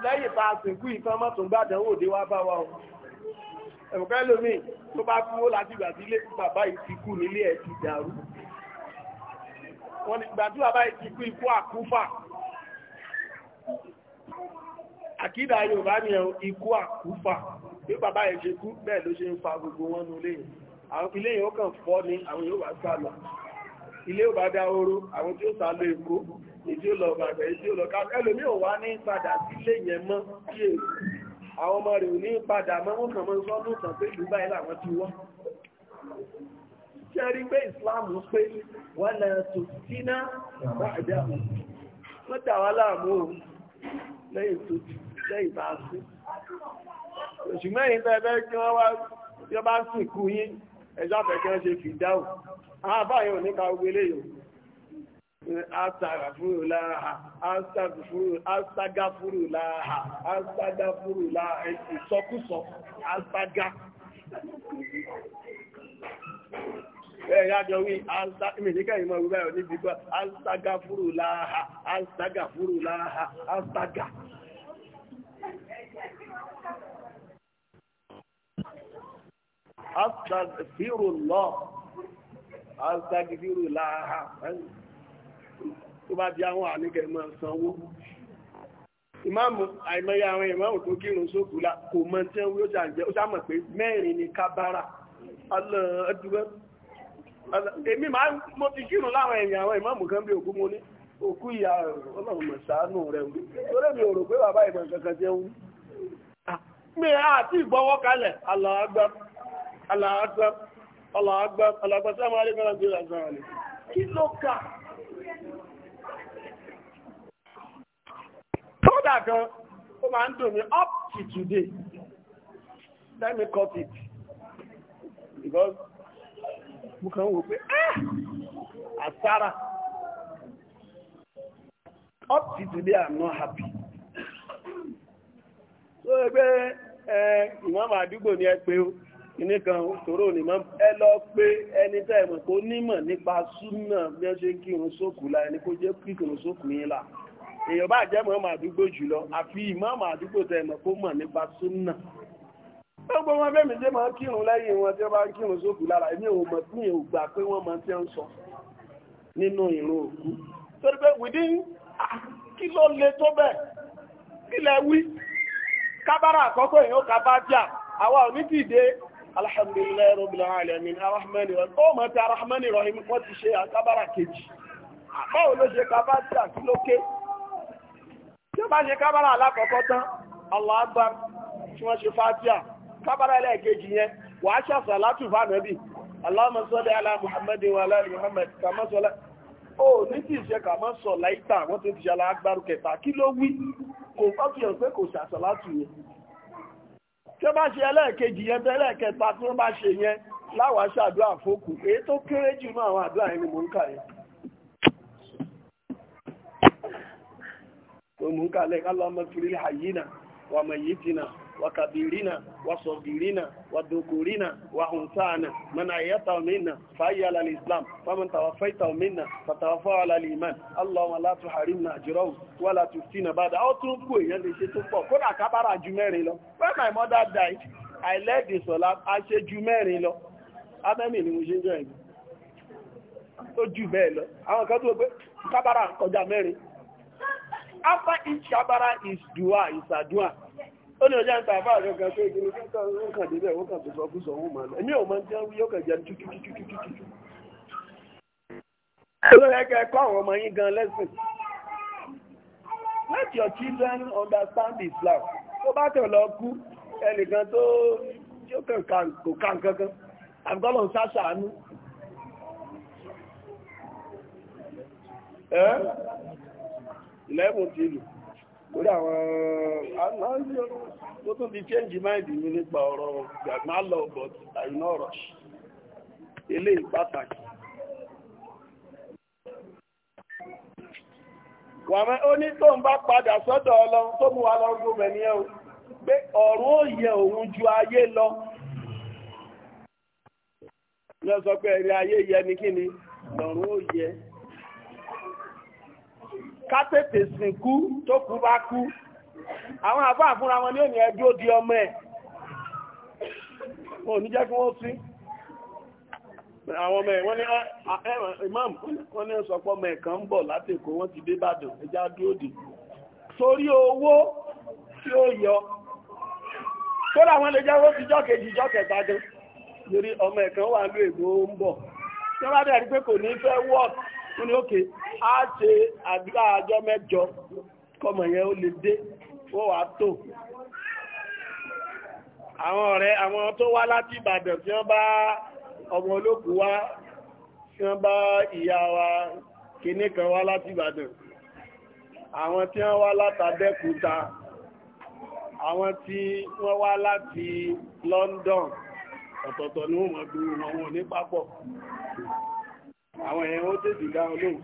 lẹ́yìn bá àsìnkú ìfọ́nmọ́ tó ń bá àdánwò dé wá bá wa o ẹ̀mọ̀kẹ́ lómi tó bá kú ó láti gbà sí ilé bàbá yìí ti kú nílé ẹ̀ ti dàrú wọ́n gbà tí bàbá yìí ti kú ikú àkúfà àkídà Yorùbá ni ikú àkúfà bí bàbá yìí ṣe kú bẹ́ẹ̀ ló ṣe ń fa gbogbo wọn nú ilé yìí àwọn ilé yìí ó kàn fọ́ ni àwọn yóò wá sá lọ ilé yóò bá dá oró àwọn tí ó sá lọ Èkó ìdí lọ bàbẹ̀ ìdí lọ ká ẹlòmí ò wá ní padà sílé yẹn mọ́ sí èrò àwọn ọmọ rẹ̀ ò ní padà mọ́ wọn kàn mọ́ sọ́dún kan pé ìlú báyìí làwọn ti wọ́ ṣe rí pé ìsìláàmù pé wọ́n lẹ tó síná bàjá wọ́n tà wá láàmú o lẹ́yìn tó lẹ́yìn bá sí oṣù mẹ́rin tẹ́ fẹ́ kí wọ́n wá tí wọ́n bá sìnkú yín ẹ̀ṣọ́ àfẹ́kẹ́ ṣe fìdáhùn àwọn àbáyọ̀ nípa ogun eléyìí astagfurulaha astagfurulaha astagfurulaha ìsọkúsọ astaga ẹ̀yájọ́ wí mìíríkà ìmọ̀ ìwúrẹ́ ò níbi gbọ́ astagfurulaha astagfurulaha astaga astagfirullah astagfirulaha astagfirulaha tó bá di àwọn àníkẹ́ mọ́ sanwó ìmáàmù àìmọye àwọn ìmáàmù tó kírun sókùlá kò mọ tí ó jà ń ó sáàmọ̀ pé mẹ́rin ni kábára alẹ́ẹ̀dúgbẹ́ èmi máa mo ti kírun láwọn ẹ̀yìn àwọn ìmáàmù kan bí òkú mo ní òkú ìyá ọlọ́run mọ̀ ṣàánú rẹ̀ kí kódà gan ó máa ń dùn up to today let me cut it because ah, today i'm not happy so ni kan tòró ní mọ́ ẹ lọ pé ẹni tẹ́ ẹ̀mọ̀ tó nímọ̀ nípa súnà bí wọ́n ṣe la la. èèyàn bá jẹ́ mọ́mọ́ àdúgbò jùlọ àfi ìmọ̀ọ́mọ́ àdúgbò tẹ̀ mọ̀ kó mọ̀ nípa súnà gbogbo wọn bẹ́ẹ̀ mi jẹ́ máa kírun lẹ́yìn wọn tí wọ́n bá ń kírun sókù lára èmi ò mọ̀ tí ò gbà pé wọ́n máa ti ń sọ nínú ìrun òkú torí pé within kí ló le tó bẹ́ẹ̀ kí lẹ wí kábàrà àkọ́kọ́ èèyàn ká bá jà àwa ò ní ti dé alhamdulilayi rabbil alamin arahmani rahim ó mọ̀ tí arahmani rahim wọ́n ti ṣe kábàrà kejì báwo ló ṣe ká bá jà kí ló tí ó bá ṣe kábàrà alákọ̀ọ́kọ́ tán Allahu tí wọ́n ṣe fàtíà kábàrà ẹlẹ́ẹ̀kejì yẹn wà á ṣàṣà látù fánàbì Allahumma salli ala Muhammadin wa ala Muhammad kàmọ́sọ́lá ó ní tí ìṣe kàmọ́sọ̀ láìta wọ́n tó ti ṣe alágbárù kẹta kí ló wí kò fọ́fíọ̀ pé kò ṣàṣà látù yẹn tí ó bá ṣe ẹlẹ́ẹ̀kejì yẹn tẹ́ ẹlẹ́ẹ̀kẹta tí wọ́n bá ṣe yẹn láwàá ṣàdúrà fókù èyí tó kéré jù náà àwọn àdúrà yẹn tó mú kálẹ̀ kálọ́mọ́ fìrí àyínà wà mẹ̀yìtìnà wà kàbìrínà wà sọ̀gìrínà wà dòkòrínà wà hùnsáànà mọ́nà àyẹ́ta òmìnà fàáyà alàlì islam fámọ́n tàwàfẹ́ta òmìnà fàtàwàfà alàlì iman allahumma la tuharimna ajrahum wà látù sínà bàdà ó tún kú èèyàn lè ṣe tó pọ̀ kódà kábàrà ju mẹ́rin lọ when my mother died i led the sọ̀lá a ṣe ju mẹ́rin lọ abẹ́mì ni mo ṣe ń jọ ẹ̀gbẹ́ tó jù bẹ́ẹ̀ lọ àwọn kan tó gbé kábàrà kọjá mẹ́rin after each shabara is dua is adua ó ní ọjọ́ ìta àbá àjọ kan pé ìgbìmọ̀ tí ó kàn débẹ̀ ó kàn tó sọ fún sọ̀hún màá lọ èmi ò máa ń jẹ́ yóò kàn jẹ́ tútútútútútú. olóyè kẹ kọ́ àwọn ọmọ yín gan lẹ́sìn let your children understand Islam tó bá kàn lọ kú ẹnìkan tó yóò kàn kò kàn kankan àbúkọ́lọ̀ ń sáṣàánú. 11 ti lù lórí àwọn ọrụ tó tún ndị change mind mi nípa ọ̀rọ̀ gbàgbà lọ but I no rush eléyìí pàtàkì wàmẹ́ ó tó ń bá padà sọ́dọ̀ tó mú wa lọ o pé òun ju ayé ká tètè sìnkú tó kú bá kú àwọn àbá fúnra wọn ní òní ẹjọ́ di ọmọ ẹ̀ wọn ò ní jẹ́ kí wọ́n sí àwọn ọmọ ẹ̀ wọ́n ní ah, ah, eh, imam wọ́n ní sọpọ̀ ọmọ ẹ̀kan ń bọ̀ látẹ̀kọ́ wọ́n ti dé Ìbàdàn ẹjá dúró dì torí owó tí ó yọ tó láwọn lè jẹ́wọ́ ti jọ́ kejì jọ́ kẹta gan lórí ọmọ ẹ̀kan wà ń lò ègbò ń bọ̀ tí wọ́n bá dẹ̀ rí pé kò ní fẹ́ wọ́ọ̀tì ó ní òkè á ṣe àdúrà àjọ mẹ́jọ kọmọ yẹn ó lè dé ó wàá tó àwọn ọ̀rẹ́ àwọn tó wá láti Ìbàdàn tí wọ́n bá ọmọ olókùn wá tí wọ́n bá ìyá wa kìíní kan wá láti Ìbàdàn àwọn tí wọ́n wá látàdẹ́kúta àwọn tí wọ́n wá láti London ọ̀tọ̀ọ̀tọ̀ ni wọ́n mọ̀ dúró wọn ní pápọ̀ àwọn èèyàn ó tètè dá olóhùn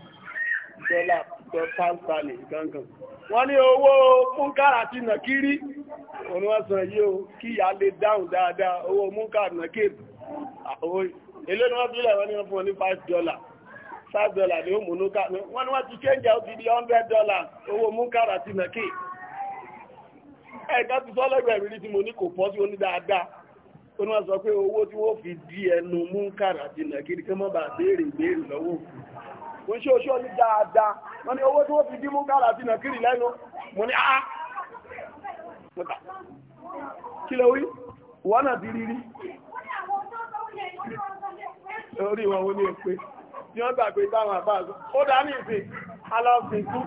dọ́là pàǹsálì gangan wọ́n ní owó múnkàrà àti nàkírí òun wọ́n sọ yí o kí ìyá lè dáhùn dáadáa owó múnkàrà nàkírí èlé ni wọ́n fi lẹ̀ wọ́n ní wọ́n fún wọn ní five dollar five dollar ni ó mú núkà wọ́n ní wọ́n ti change out di hundred dollar owó múnkàrà àti nàkírí ẹ̀ka ti sọ́lẹ̀gbẹ̀rún ní ti mo ní kò pọ́ sí oní dáadáa ó ní wọ́n sọ pé owó tí wọ́n fi dí ẹnu múnkàrà àti nàkiri kí wọ́n bá béèrè béèrè lọ́wọ́ òkú kò ń ṣe oṣù ọdún dáadáa wọ́n ní owó tí wọ́n fi dí múnkàrà àti nàkiri lẹ́nu mo ní áá ah! kí ló wí wọ́n náà ti rírí orí wọn wọ́n ní èpè tí wọ́n gbà pé táwọn àbá ó dá ní ìsìn alọ́sìnkú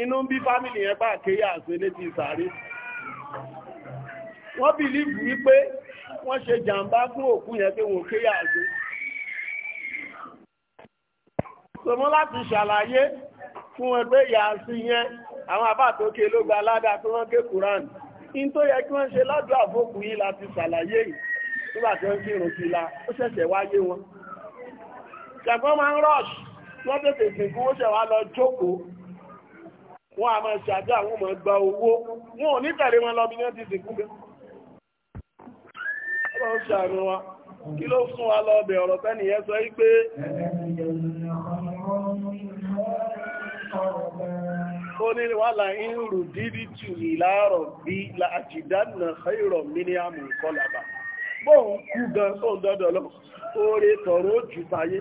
inú ń bí fámìlì yẹn bá kéyà àṣẹ létí ìsàrí wọ́n bìlíìfù wípé wọ́n ṣe jàǹbá fún òkú yẹn pé wọ́n kéyà sí. sọmọ́ láti ṣàlàyé fún wọn pé yà sí yẹn àwọn abátókè ló gba aládàá tó wọ́n ké Quran in tó yẹ kí wọ́n ṣe ládùúgbò àfọkù yìí láti ṣàlàyé yìí nígbà tí wọ́n kírun sí la ó ṣẹ̀ṣẹ̀ wáyé wọn. ṣàgbọ́n máa ń rush wọ́n tètè sìnkú ó ṣẹ̀ wá lọ jókòó wọn a máa ṣàdé àwọn ọmọ gba owó wọn ò ní tẹ̀lé wọn lọ bí wọ́n ti sìnkú bẹ́ẹ̀ ọlọ́run ṣàánú wa kí ló fún wa lọ́ọ̀bẹ̀ ọ̀rọ̀ tẹ́nì yẹn sọ wípé ó ní wà láì ń rù dídí tù ní láàárọ̀ bí àjìdánà ṣẹ́rọ̀ mílíọ̀mù kọlàbà bóun kú gan tó ń dọ́dọ̀ lọ oore tọ̀rọ̀ jù táyé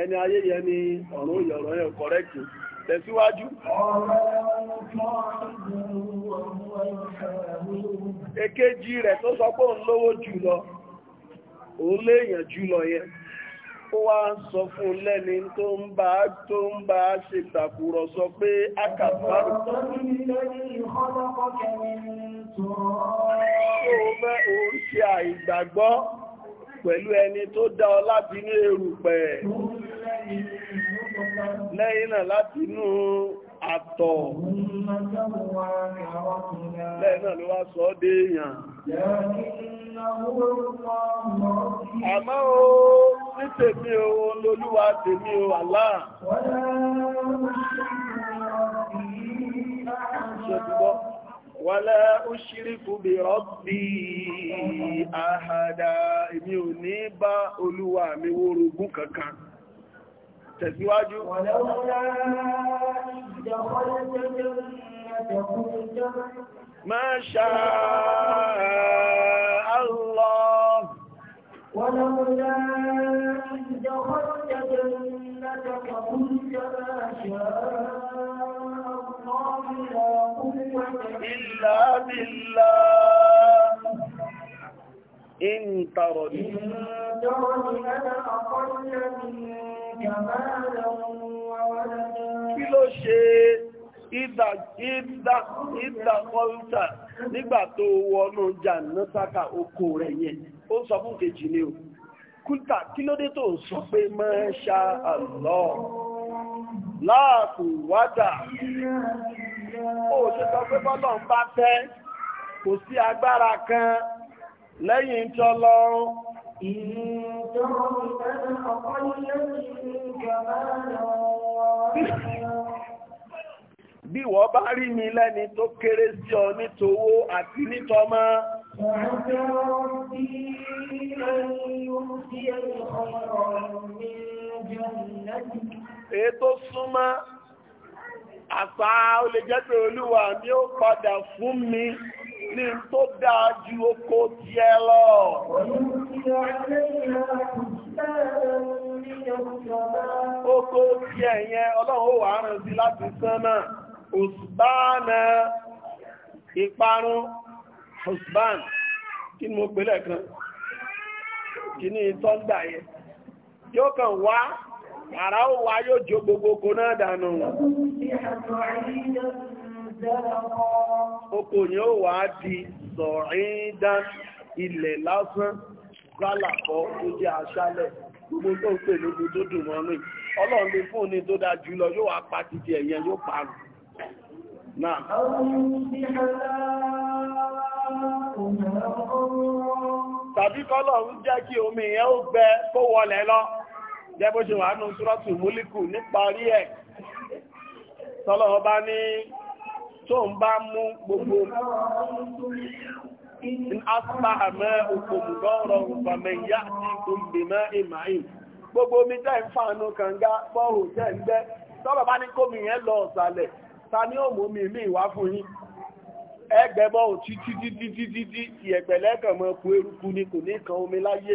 ẹni ayé yẹn ni ọ̀rọ̀ òyọ̀rọ̀ yẹn kọ̀rẹ́kì tẹ̀síwájú. Èkejì rẹ̀ tó sọ pé òun lówó jùlọ, òun léèyàn jùlọ Ó wá ń sọ fún lẹ́ni tó ń bá tó ń bá ṣe tàkùrọ̀ sọ pé Ó fẹ́ òun ṣe àìgbàgbọ́. pẹ̀lú ẹni tó dá ọ láti inú erùpẹ̀ lẹ́yìn náà láti inú àtọ̀ lẹ́yìnà ló wá sọ dé èèyàn àmọ́ o ní tèmi o lolúwa tèmi o Allah ṣe wala ushriku bi rabbi ahada èmi ò ní bá olúwa mi wórogún kankan tẹ̀síwájú ma sha Allah ولولا إذ دخلت جنتك قلت ما شاء إلا بالله إن ترني أنا أقل منك مالا وولدا كيلو شيء ìdàkọ́lùtà nígbà tó wọnú jàǹdàkà oko rẹ̀ yẹn ó sọ fún kejì ni o kúlùtà kí ló dé tó sọ pé máa ṣá àlọ́ láàkùn wádà ó ṣe sọ pé bọ́lọ̀ ń bá fẹ́ kò sí agbára kan lẹ́yìn tí ọlọ́run bí wọ́n bá rí mi lẹ́ni tó kéré sí ọ nítowó àti nítọmọ èyí tó súnmọ́ àpá ó pé olúwa mi ó padà fún mi ní tó dáa ju oko tiẹ̀ lọ. Oko tiẹ̀ yẹn ọlọ́run ó wà rán sí láti sánmà. Òṣùbánà ìparun Òṣùbán kí ni mo pè lẹ́ẹ̀kan? Kí ni ìtọ́ndà yẹn? Yóò kàn wá Àrá ó wá yóò jó gbogbo oko náà dànù. Oko yẹn ó wá di sọ̀rìndán ilẹ̀ lásán gbálàkọ́ tó jẹ́ aṣálẹ̀. Gbogbo tó ń pè lóko tó dùn mọ́ rìn. Ọlọ́run lè fún ni tó dáa jùlọ yóò wá pa títí ẹ̀yẹn yóò parun. Náà. Tàbí kọ́lọ̀ ń jẹ́ kí omi yẹn ó gbẹ kó wọlẹ̀ lọ jẹ́bó ṣe wà nù túrọ́tù múlíkù níparí ẹ̀ tọ́lọ̀ ọba ní tó ń bá mú gbogbo aspaha mẹ́ òkòmùgọ́rọ̀ òfàmẹ̀yà tí gbogbo mẹ́ ìmáyì gbogbo omi tẹ́ ń fàánú kànga bọ́ọ̀hù tẹ́ ń gbẹ́ tọ́lọ̀ bá ní kómi yẹn lọ ọ̀sàlẹ̀ ta ní òmù omi mi ìwá fún yín ẹgbẹ́ bọ́ọ̀hù títí títí títí ti ẹ̀gbẹ̀lẹ́kàn mọ́ ku eruku ni kò ní kan omi láyé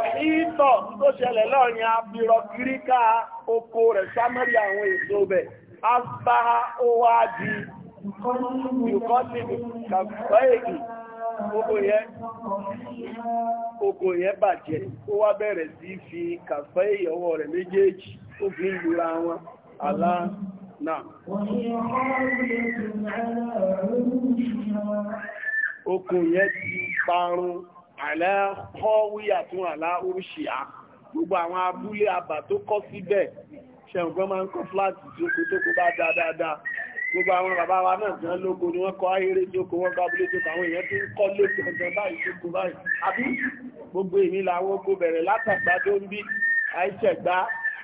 Òhìtọ̀ tó ṣẹlẹ̀ lọ́rin abirọ̀ kíríká oko rẹ̀ sámẹ́rì àwọn èso bẹ̀. Asbáha ó wá di ìkọ́sìnkú kàfẹ́ẹ̀kì oko yẹn oko yẹn bàjẹ́ ó wá bẹ̀rẹ̀ sí fi kàfẹ́ẹ̀kì ọwọ́ rẹ̀ méjèèjì ó fi ń lura wọn náà. okùn yẹn ti parun àlẹ́ kọ́wíyà tún àlá oríṣìá gbogbo àwọn abúlé abà tó kọ́ síbẹ̀ ṣẹ̀gbọ́n máa ń kọ́ fúláàtì tí oko tó kó bá dáa dáadáa gbogbo àwọn bàbá wa náà gan lógo ni wọ́n kọ́ ayéré tó kó wọ́n gba abúlé tó kọ́ àwọn èèyàn tó ń kọ́ lé gangan báyìí tó kó báyìí àbí gbogbo èmi làwọn oko bẹ̀rẹ̀ látàgbà tó ń bí àìṣẹ̀gbá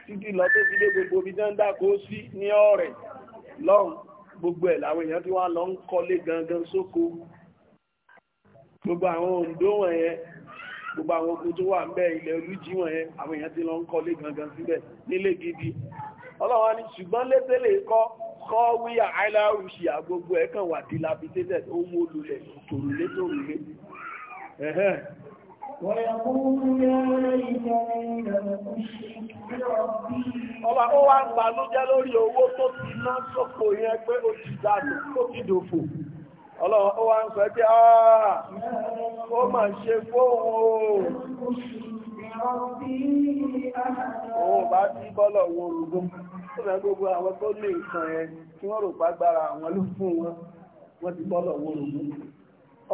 títí lọ tó fi dé gbogbo ibi tó ń dáko sí ní ọ̀rẹ́ lọ́hùn gbogbo ẹ̀ làwọn èèyàn tí wọ́n lọ ń kọ́ gangan sóko gbogbo àwọn Oǹdó wọ̀nyẹn gbogbo àwọn oko tó wà ń bẹ ilẹ̀ olújí wọ̀nyẹn àwọn èèyàn ti lọ ń kọ́lé gangan síbẹ̀ nílé gidi ọlọ́wọ́n ni ṣùgbọ́n létẹ́lẹ̀ kọ́ kọ́ wíyà àìláwùsì àgbogbo ẹ̀ kàn wà dilapidated ó mú olùlẹ̀ tòrùlé tòrùlé Ọba ó wá ń bà ló jẹ́ lórí owó tó ti ná sókò yẹn pé ó ti dànù, ó ti dòfò. ọlọ́run ó wá ń sọ pé àà ah, ó mà ṣe fóhun o òun bá tí bọ́lọ̀ wọn olùgbọ́n tó rẹ̀ gbogbo àwọn tó kí wọ́n rò pàgbára àwọn ló fún wọn wọ́n ti bọ́lọ̀ wọn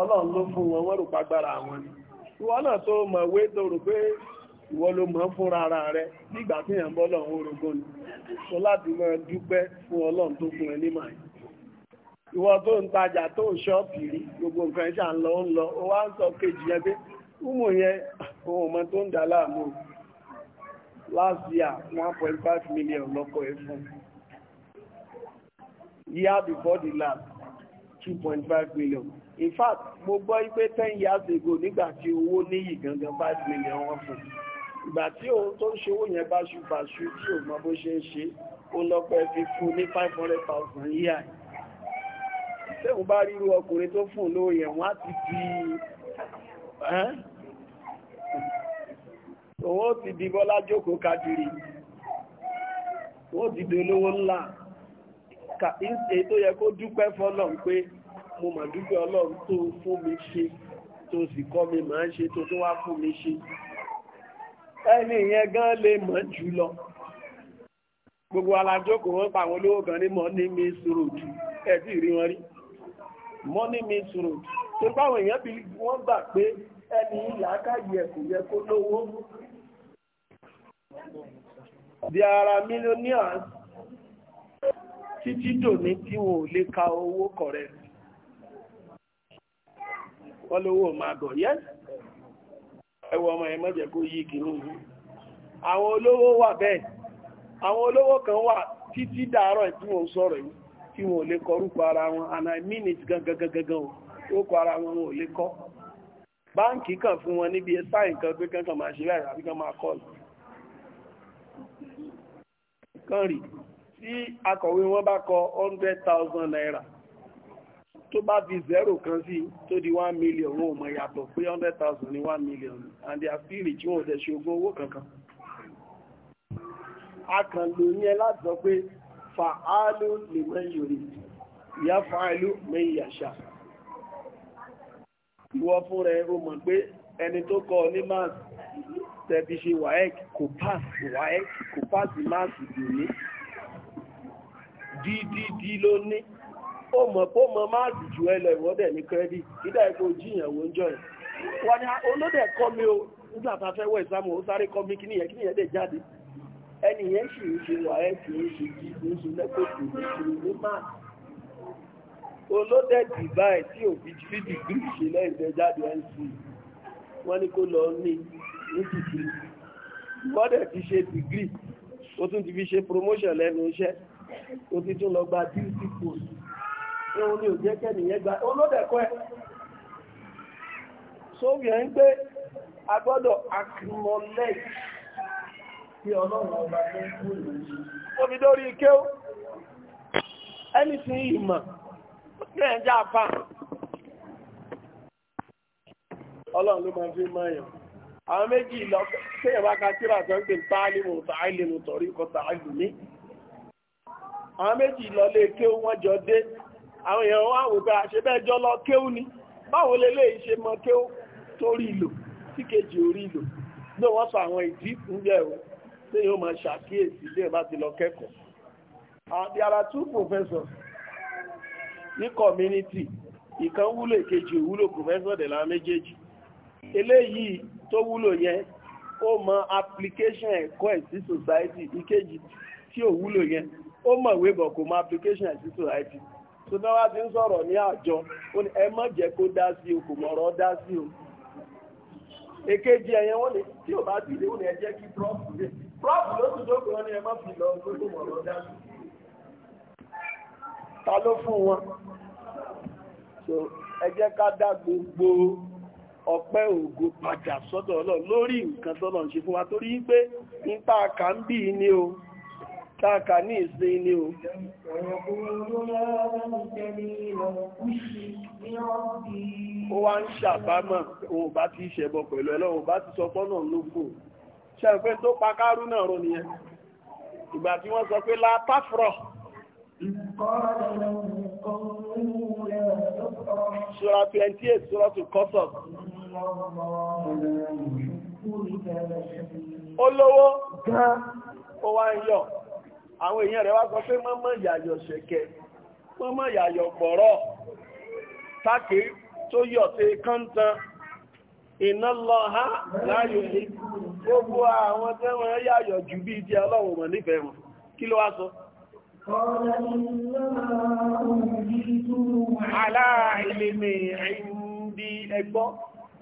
ọlọ́run ló fún wọn wọ́n rò pàgbára àwọn náà tó ara rẹ nígbà tí èèyàn wọn ni láti dúpẹ́ fún ọlọ́run tó fún ìwọ tó ń tajà tó ń ṣọ́ọ̀pì rí gbogbo nǹkan ṣà ń lọ ń lọ ó wá ń sọ kejì yẹn pé ọmọ yẹn ohun ọmọ tó ń dà láàmú last year one point five million lọ́kọ̀ ẹ̀ fún year before the last two point five million in fact mo gbọ́ pé ten years ago nígbà tí owó níyì gangan five million wọ́n fún ìgbà tí òun tó ń ṣòwò yẹn bá ṣùfàṣù tí òun mọ bó ṣe ń ṣe ó lọ́pọ̀ fi fún ní five hundred thousand yíyà tẹ́wọ̀n bá ríru ọkùnrin tó fún ló yẹ̀ wọ́n á ti di owó ti di bọ́lá jókòó kadiri ó ti di olówó ńlá èyí tó yẹ kó dúpẹ́ fọ́lọ́run pé mo mà dúpẹ́ ọlọ́run tó fún mi ṣe tó sì kọ́ mi máa ń ṣe tó tó wá fún mi ṣe ẹni yẹn gan lè mọ̀ jùlọ gbogbo alájókòó wọn pa àwọn olówó kan ní mọ́ ní mi sùúrù jù ẹ̀ sì rí wọn rí money means road tó báwọn èèyàn bí wọ́n gbà pé ẹni làákàyè kò yẹ kó lówó. there are millionaires títí dòní tí wọn ò lè ka owó correct. wọ́n lówó máa gọ̀ yẹ́ ẹwọ ọmọ ẹ̀ mọ́jẹ̀ kó yí kìíní yìí. àwọn olówó wà bẹ́ẹ̀ àwọn olówó kan wà títí dàárọ̀ tí wọ́n sọ̀rọ̀ yìí tí wọn ò lè kọ orúkọ ara wọn and i mean it gangangangan o orúkọ ara wọn wọn ò lè kọ kan fún wọn níbi sáì nǹkan pé kankan máa ṣe báyìí àbí kan máa kan tí akọ̀wé wọn bá kọ hundred thousand naira tó bá di zero kan sí tó di one million wọn ò mọ̀ yàtọ̀ pé hundred thousand ní one million and their tí wọn ò tẹ̀ ṣe owó kankan Faalu liman ya faalu man yasha ìwọ fún rẹ̀ ó mọ̀ pé ẹni tó kọ ní mass tẹ̀bí ṣe waec kò pass waec kò pass mass ìdòní ddd ló ní ó mọ̀ pó mọ̀ mass jù ẹ lọ ìwọ́dẹ̀ ní credit ìdá epo jíyàn wọ́n jọ ẹ̀ wọ́n ah, ni olódẹ̀ kọ́ mi o nígbà tá a fẹ́ wọ ìsámù ó sáré kọ́ mi kíníyàn kíníyàn dẹ̀ jáde ẹni yẹn sì ń ṣe wàá kì í ṣe jí kì í ṣe lẹ́kọ̀ọ́tù mùsùlùmí máa olódẹ́dì báyìí tí òbí fi dìgírì ṣe lẹ́yìn tẹ́ jáde nc wọ́n ní kó lọ ní ní títí ìwọ́dẹ̀ ti ṣe dìgírì ó tún ti fi ṣe promotion lẹ́nu iṣẹ́ ó ti tún lọ gba duty post òun ni òjẹ́ kẹ́nìyàn gba olódẹ̀kọ́ ẹ̀ sóbìẹ̀ ń gbé agbọ́dọ̀ acknowledge tí ọlọ́run ọba tó ń kú ìròyìn. Omi lórí ike ó, ẹni tí ìmọ̀ ní ẹ̀já àpá. Ọlọ́run ló máa fi máa yàn. Àwọn méjì lọ sí ẹ̀wá ka tíra tó ń pè táálímù táálímù tọ̀rí kọ tààlù ní. Àwọn méjì lọ lé kéwú wọ́n jọ dé. Àwọn èèyàn wá wò pé àṣebẹ́jọ lọ kéwú ni. Báwo leléyìí ṣe mọ kéwú torí ìlò tí kejì orí ìlò? Gbé wọ́n sọ àwọn ìdí ń bẹ̀rù tí yóò máa ṣàkíyèsí bí ẹ bá ti lọ kẹ́kọ̀ọ́. There are two professors ní community ìkan wúlò ìkejì wúlò professor de la méjèèjì eléyìí tó wúlò yẹn ó mọ application ẹ̀kọ́ ẹ̀ sí society ìkejì tí ò wúlò yẹn ó mọ̀ ìwé bọ̀ kò mọ application ẹ̀ sí society tó bá wá ti ń sọ̀rọ̀ ní àjọ ẹ má jẹ́ kó dá sí o kò mọ̀rọ̀ dá sí o èkejì ẹ̀yẹn wọ́n ní tí ò bá ti dé ní ẹ jẹ́ kí prof dé Prọ́fù ló ti jókòó wọn ni ẹ má fi lọ gbogbo wọn lọ dájú. Ta So ẹ ká dá gbogbo ògo padà lórí nǹkan ń ṣe fún wa torí pé ń ní o ní ìsìn o ó wá ń ṣàbámọ̀ òun bá ti pẹ̀lú bá ti sọ ṣẹ̀fẹ́ tó pa Kárúnà rò nìyẹn ìgbà tí wọ́n sọ pé látàfrọ̀ ṣọ́ra 28 ṣọ́ra tó kọ́sọ̀ olówó gan ó wá ń yọ̀ àwọn èèyàn rẹ̀ wá sọ pé mọ́mọ́ ìyàyọ̀ ṣẹ̀kẹ́ mọ́mọ́ ìyàyọ̀ pọ̀rọ̀ tákì tó yọ̀ tẹ́ kọ́ntán iná lọ ha láyò ní gbogbo àwọn tí wọ́n yáyọ̀ jù bí ti ọlọ́run mọ̀ nífẹ̀ẹ́ wọn kí ló wá sọ aláìlèmè ìdí ẹgbọ́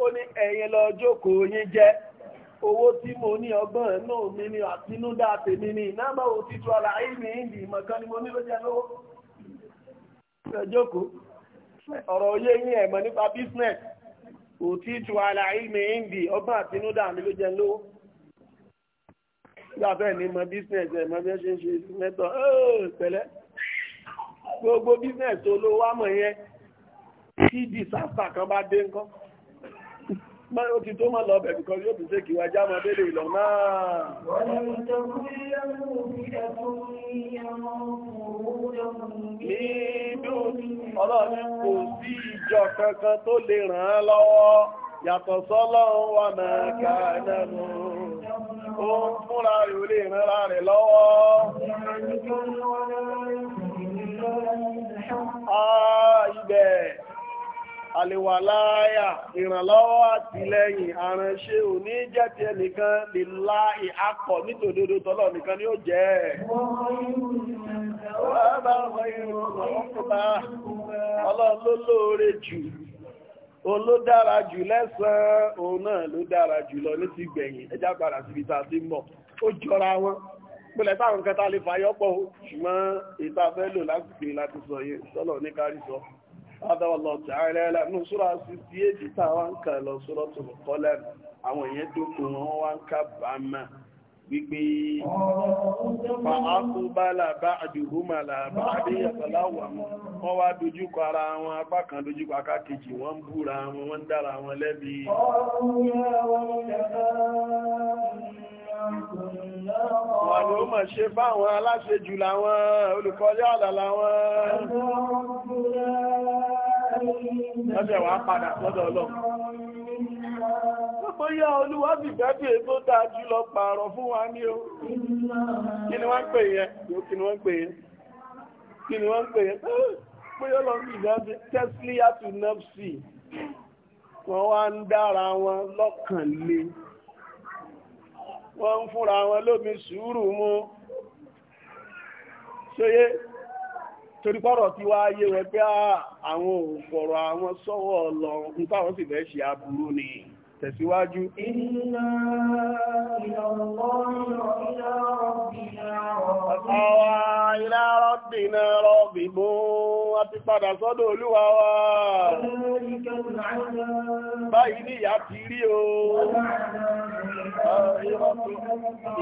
ó ní ẹ̀yin lọ jókòó yín jẹ owó tí mo ní ọgbọ́n ẹ̀nà mi ni àtinúdá tèmi ni náà ò ni mo ní ló lówó ọ̀rọ̀ yín ẹ̀mọ̀ nípa òtítù aláìmì ìndì ọba àtinúdà mi ló jẹ lówó gbàbẹ́ ní mọ business ẹ̀ mọ bí wọ́n ṣe ń ṣe mẹ́tọ̀ pẹ̀lẹ́ gbogbo business olówó àmọ̀ yẹn kí disaster kan bá dé ńkọ́ máa ó ti tó máa lọ bẹ̀bì kan yóò tún ṣe kíwà já máa bèèrè ìlọ máa ọlọ́run kò sí ìjọ kankan tó lè ràn án lọ́wọ́ yàtọ̀ sọ́lọ́run wà máa kàánà mú ó fúnra rẹ̀ ó lè rànra rẹ̀ lọ́wọ́ Ibẹ̀ àlewàláyà ìrànlọ́wọ́ àtìlẹ́yìn àránṣẹ́ òní jẹ́ ti ẹnìkan lè lá ìhàkọ̀ nítòdodo tọ́lọ̀ nìkan ni ó jẹ́ ẹ̀. ọlọ́run ló lóore jù olódára jù lẹ́sàn-án òun náà ló dára jù lọ ní ti gbẹ̀yìn ẹjá padà síbi tá a ti ó jọra wọn pẹ̀lẹ́ táwọn kẹta lè fàyọ́pọ̀ ṣùgbọ́n ìtafẹ́ lò láti pè láti sọ yìí sọ́lọ̀ ní kárí sọ. هذا والله تعالى أعلم ní súra 68 tá a wá ń kà lọ Suratul Qalam àwọn èèyàn dókun wọn wá ń kábàámà gbígbé fàákúbálà bá àdìhúmàlà bá àdíyàtọ̀láwà wọ́n wá dojúkọ ara wọn apá kan dojúkọ akákejì wọ́n búra wọn wọ́n dára wọn lẹ́bi Wà ló mọ̀ ṣe bá àwọn aláṣejù làwọn olùkọ́lé ọ̀là làwọn. Lọ́jẹ̀ wà padà lọ́dọ̀ ọlọ́. Gbogbo yá olúwa bí bẹ́bí tó dáa jù lọ pààrọ̀ fún wa ní o. Kí ni wọ́n ń pè yẹn? Kí ni lọ bí ìdájí Tesla to Nepsi. Wọ́n wá ń dára wọn lọ́kàn wọ́n ń fúnra wọn lómi sùúrù mú ṣóyé torí pọ́rọ̀ tí wá yé wọn pé ah, àwọn òǹfọ̀rọ̀ àwọn sọ́wọ́ lọ ń táwọn sì fẹ́ ṣe aburú ni tẹ̀síwájú. Àwa ilá rọ́bìnà rọ́bì mú a ti padà sọ́dọ̀ olúwa wa. Báyìí ni ìyá ti rí o.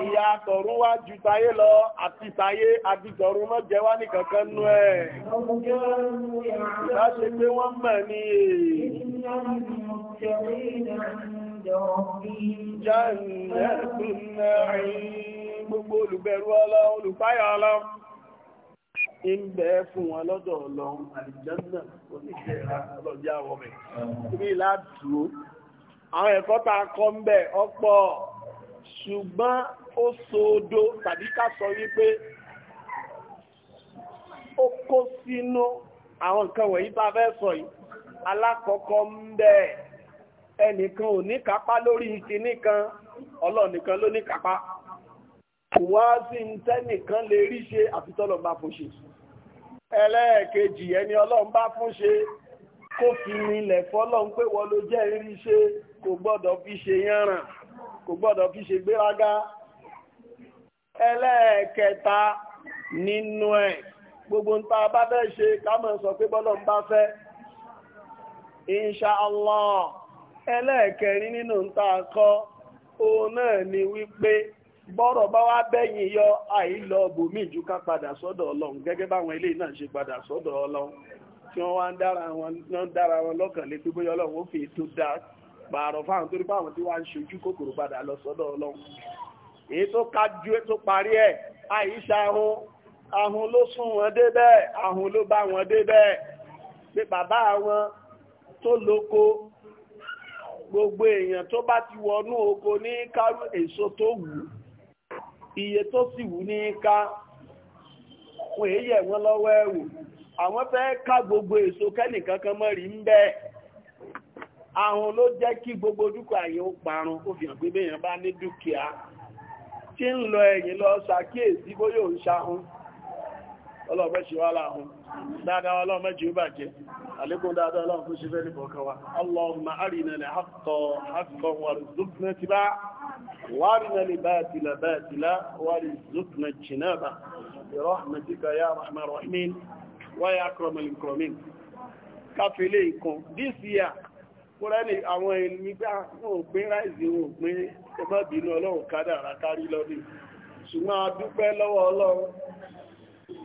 Ìyá tọ̀run wá ju tayé lọ àti tayé àti tọ̀run mọ́ jẹ wá nìkankan للمتقين عند ربهم جنات النعيم gbogbo olùbẹ̀rù ọlọ́run olùpáyà ọlọ́run ń bẹ fún wọn lọ́dọ̀ ọlọ́run àlìjọ́nà oníṣẹ́ra ọlọ́jà wọ́mẹ̀ rí ládùúró àwọn ẹ̀kọ́ tá a kọ́ ń bẹ ọ̀pọ̀ ṣùgbọ́n ó sóodo tàbí ká sọ wípé ó kó sínú àwọn nǹkan wọ̀nyí tá a fẹ́ sọ yìí alákọ̀ọ́kọ́ ń bẹ ẹnìkan ò ní kápá lórí kinní kan ọlọ́run nìkan ló ní kápá kò wá sí tẹ́nìkan lè rí ṣe àfitọ́lọ̀ bá fún ṣe ẹlẹ́ẹ̀kejì ẹni ọlọ́run bá fún ṣe kó fi nílẹ̀ fọ́lọ́run pé wọ́n ló jẹ́ rí ṣe kò gbọ́dọ̀ fi ṣe yánràn kò gbọ́dọ̀ fi ṣe gbéraga ẹlẹ́ẹ̀kẹta nínú ẹ̀ gbogbo ń ta bá fẹ́ ṣe ká mọ̀ sọ pé bọ́lọ́run bá fẹ́ inṣàlọ́ọ̀ ẹlẹ́ẹ̀kẹrin nínú ta kọ́ òun náà ni wípé bọ́rọ̀ bá wá bẹ́yìn yọ àìlọ bòmí ká padà sọ́dọ̀ ọlọ́run gẹ́gẹ́ báwọn ilé náà ṣe padà sọ́dọ̀ ọlọ́run tí wọ́n wá ń dára wọn lọ́kàn létí bóyá ọlọ́run ó fi ètò dá pààrọ̀ fáwọn torí báwọn tí wá ń ṣojú kòkòrò padà lọ sọ́dọ̀ ọlọ́run èyí tó kájú tó parí ẹ̀ àìṣà ahun ahun ló sún wọn ahun ló bá wọn gbogbo èèyàn tó bá ti wọnú oko ní kárú èso tó wù iye tó sì wù ní ká wọ́n èyẹ̀ wọ́n lọ́wọ́ ẹ̀wò àwọn fẹ́ ká gbogbo èso kẹ́nìkan mọ́ rí ń bẹ́ àwọn ló jẹ́ kí gbogbo dúkìá parun ó fi hàn pé bá ní lọ ẹ̀yìn lọ ṣàkíyèsí bóyá dáadáa ọlọ́run mẹ́jì ó bàjẹ́ àlékún dáadáa ọlọ́run fún ṣífẹ́ nìkan kan wa allahumma arina lè haqqa haqqan warzuqna tiba warina lè batila batila warzuqna jinaba birahmatika ya rahman rahimin wa ya akramal ikramin káfílé this year kúrẹ́nì àwọn ìlúgbà wọn ò pín ráìsì wọn ò pín ẹgbẹ́ bínú ọlọ́run kádàrá kárí lọ́dún ṣùgbọ́n a dúpẹ́ lọ́wọ́ ọlọ́run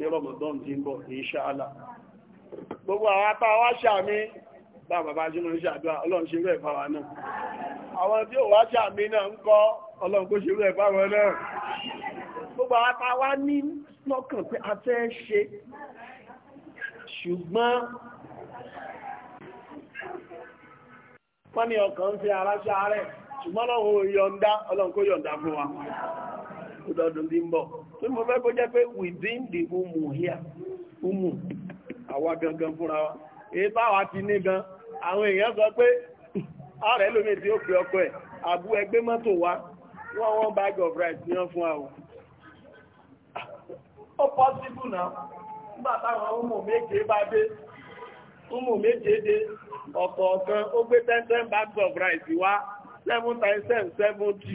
ní Ramadan tí ń bọ̀ insha Allah gbogbo àwọn apá wá ṣàmì bá bàbá jùmọ̀ ṣàdúrà ọlọ́run ṣe rẹ̀ fáwa náà àwọn tí ó wá ṣàmì náà ń kọ́ ọlọ́run kó ṣe rẹ̀ fáwa náà gbogbo àwọn apá wá ní lọ́kàn pé a fẹ́ ṣe ṣùgbọ́n wọ́n ní ọkàn ń fi ara ṣáárẹ̀ ṣùgbọ́n ọlọ́run yọ̀ǹda ọlọ́run kó yọ̀ǹda fún wa kó lọ́dún bí ń bọ̀ tó ní mo fẹ́ kó jẹ́ pé within the umu here umu àwa gangan fúnra wa èyí báwa ti ní gan àwọn èèyàn sọ pé ààrẹ lómi tí ó pe ọkọ ẹ̀ àbú ẹgbẹ́ mọ́tò wa wọ́n wọ́n bag of rice ní wọ́n fún àwọn ó pọ́sibú náà nígbà táwọn ọmọ méje bá dé ọmọ méje dé ọ̀kọ̀ọ̀kan ó gbé ten ten bags of rice wá seven times seven seventy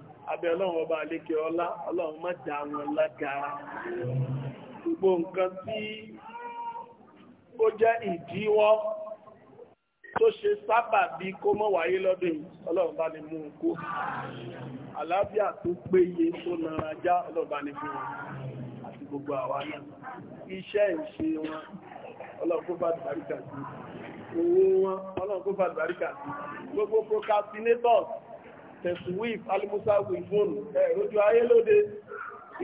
abẹ́ ọlọ́run ọba àlékè ọlá ọlọ́run má dá wọn lágara gbogbo nǹkan tí ó jẹ́ ìdíwọ́ tó ṣe sábà bí kó mọ́ wáyé lọ́dún ọlọ́run bá ní mú un kó àlàáfíà tó péye tó nara já ọlọ́run bá ní fún àti gbogbo àwa iṣẹ́ ìṣe wọn ọlọ́run kó bá dàríkà sí gbogbo procrastinators tẹ̀sùwìf alimusawifun ẹ̀rọjú ayé lóde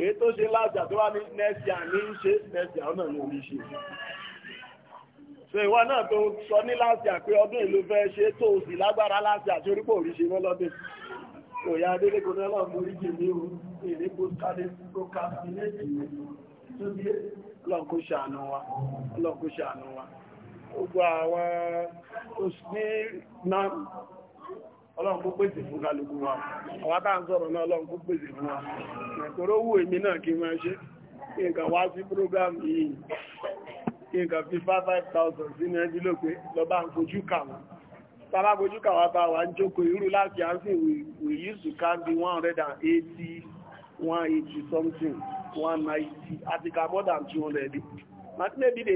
èyí tó ṣe lájà tó wá ní nẹ́ẹ̀sì àní ń ṣe nẹ́ẹ̀sì àwọn náà ní orí ṣe so ìwọ náà tó sọ ní láti àpé ọdún ìlú fẹ́ ṣe tó o sì lágbára láti àti orípò orí ṣe mọ́ lọ́dún kò yá adélégún náà lọ́n mú oríṣi ní o èrè procrastinate tó bí ọlọ́run kó pèsè fún kálukú wa àwọn tá ń sọ̀rọ̀ náà ọlọ́run kó pèsè fún wa ẹ̀kọ́rọ̀ owó èmi náà kí máa ṣe kí n kà wá sí program yìí kí n kà fi 5,000 sínú ẹbí ló pé lọ́bá ń fojú kà wọ́n tàbá fojú kà wá bá wà ń jókòó irú láti àǹsìn we used to can be 180 180 something 190 àti kà more than 200 maybe they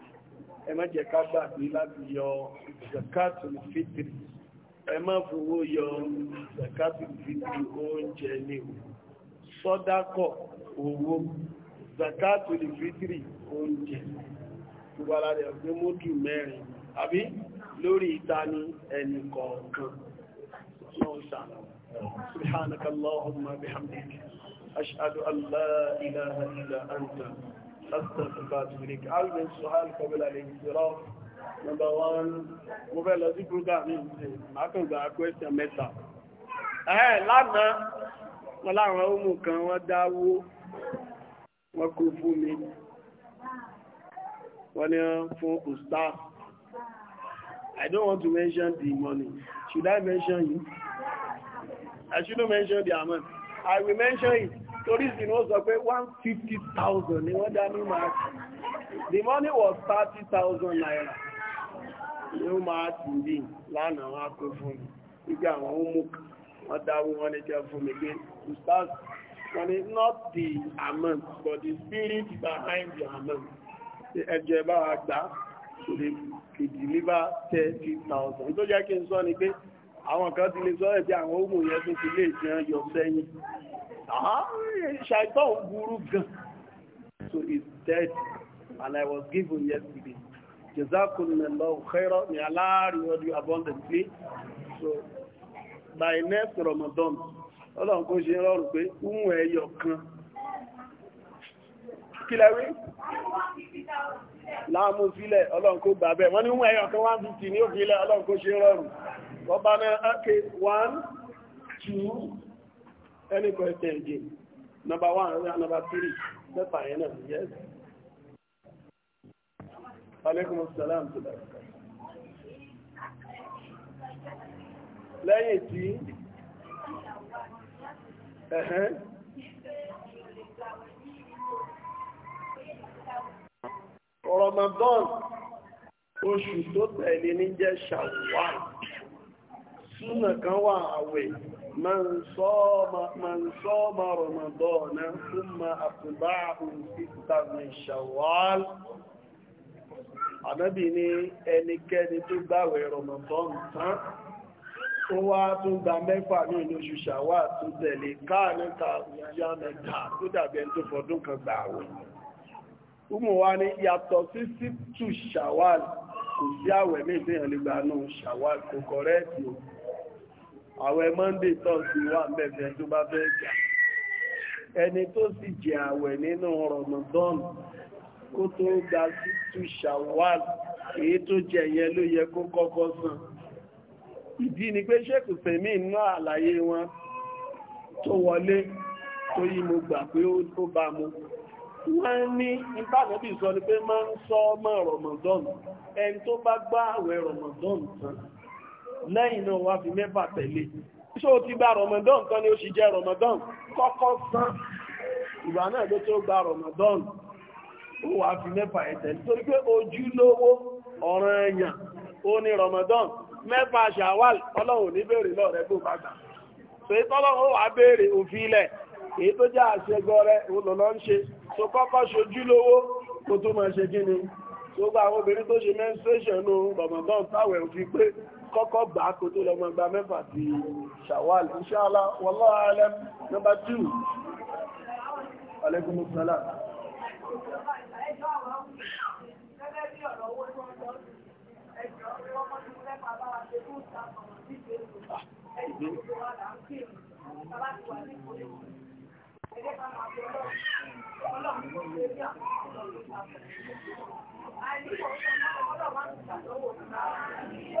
ẹ má jẹ́ ká gbàgbé láti yọ zakatul fitri ẹ má yọ zakatul fitri oúnjẹ ní o sọ́dákọ̀ owó zakatul fitri oúnjẹ gbogbo ara rẹ̀ gbé módù mẹ́rin àbí lórí ìtani ẹnì kọ̀ọ̀kan náà sàánà subhanakallahumma ashhadu an la illa anta أستغفرك وأتوب إليك عاوز السؤال قبل الانصراف number one mo fẹ́ lọ sí program ní ìsìn máa question mẹ́ta ẹ̀ lánàá wọn láwọn ohun kan wọ́n dáwó wọ́n kó fún mi wọ́n ní fún ustaz I don't want to mention the money should I mention you? I shouldn't mention the amount I will mention it torí sí ni ó sọ pé one fifty thousand ni wọ́n dá ní march the money was thirty thousand naira ní march bí lánàá wọn kó fún mi nígbà àwọn ọmọ wọn dáwó wọn ní jẹ fún mi pé to start wọn ni not the amount but the spirit behind the amount ẹjẹ bá wa gbà to dey to deliver thirty thousand tó jẹ́ kí n sọ ni pé àwọn kan ti lè sọ ẹ̀ bí àwọn ohun yẹn tó ti lè jẹun yọ sẹ́yìn. Ah, ṣàìtọ́ ò burú gan so he's dead and I was given yesterday jazakumullahu khairan may Allah reward you abundantly so by next Ramadan ọlọ́run kó ṣe rọrùn pé ń ẹyọ kan kí lẹ́wé láàmú sílẹ̀ ọlọ́run kó gbà bẹ́ẹ̀ wọ́n ní ń ẹyọ kan 150 ní òfin ilẹ̀ ọlọ́run kó ṣe rọrùn Rabbana ákè 1 2 any question again number one number three That's yẹn náà yes. aleykum salaam tó dára. lẹ́yìn tí ẹ̀hẹ́n Ramadan oṣù tó tẹ̀lé ní jẹ́ Ṣawwal súnà kan wà àwẹ̀ من صام من صام رمضان ثم أتبعه ستا من شوال Ànábì ní ẹnikẹ́ni tó gbàwẹ̀ Ramadan tán, ó wá tún gba mẹ́fà ní inú oṣù ṣàwà tó tẹ̀lé káàníta ìyá mẹ́ta tó dàbí ẹni tó fọdún kan gbàwẹ̀. Umu wa ni yàtọ̀ sí sítù ṣàwà kò sí àwẹ̀ méjì ìyànlẹ́gbà náà ṣàwà kò kọ̀rẹ́ẹ̀tì òkú àwẹ̀ monday tọ́sí wà mẹ́fẹ́ tó bá fẹ́ jà ẹni tó sì jẹ àwẹ̀ nínú ramadan kó tó gba títú shawal èyí tó jẹ yẹn ló yẹ kó kọ́kọ́ san ìdí ni pé ṣékù fẹ̀mí inú àlàyé wọn tó wọlé tó yí mo gbà pé ó bá mu wọ́n ní ìbánàbí sọ ni pé máa ń sọ ọmọ ramadan ẹni tó bá gbá àwẹ̀ ramadan tán lẹ́yìn náà wá fi mẹ́fà tẹ̀lé ṣó o ti gba Ramadan kan ni ó sì jẹ́ Ramadan kọ́kọ́ san ìgbà náà ló tó gba Ramadan ó wá fi mẹ́fà ẹ̀ tẹ̀lé torí pé ojúlówó ọ̀ràn ẹ̀yàn ó ní Ramadan mẹ́fà ṣàwàl ọlọ́run ní bèèrè lọ rẹ̀ bó bá gbà so èyí tọ́lọ́run ó wà bèèrè òfin ilẹ̀ èyí tó jẹ́ àṣẹgbọ́ rẹ̀ olùlọ́ ń ṣe so kọ́kọ́ ṣojú lówó kó tó máa ṣe kíni so gba àwọn obìnrin tó ṣe menstruation nù Ramadan táwẹ̀ òfin pé kọ́kọ́ gbà kó tó lọ gbọ́ngbà mẹ́fà ti ṣàwàl inṣáàlá wallahu alam number two alaikum salam Thank ah. you.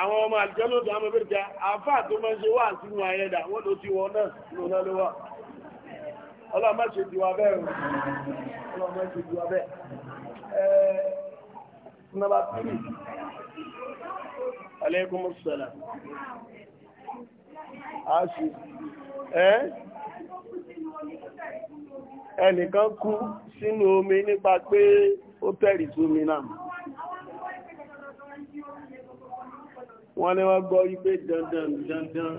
àwọn ọmọ àjọ́lò tó àmọ́ bẹ̀rẹ̀ jẹ́ àfá tó mọ́ ṣe wà sínú ayẹ́dà wọ́n ló ti wọ́n náà ló náà ló wà ọlọ́mọ́ ti wà bẹ́ẹ̀ ọlọ́mọ́ ṣe ti wà bẹ́ẹ̀ nọ́bà tírì alaikum salam aṣù ẹ́ ẹnìkan kú sínú omi nípa pé ó tẹ̀rì sómi náà wọ́n ní wọ́n gbọ́ wípé dandan dandan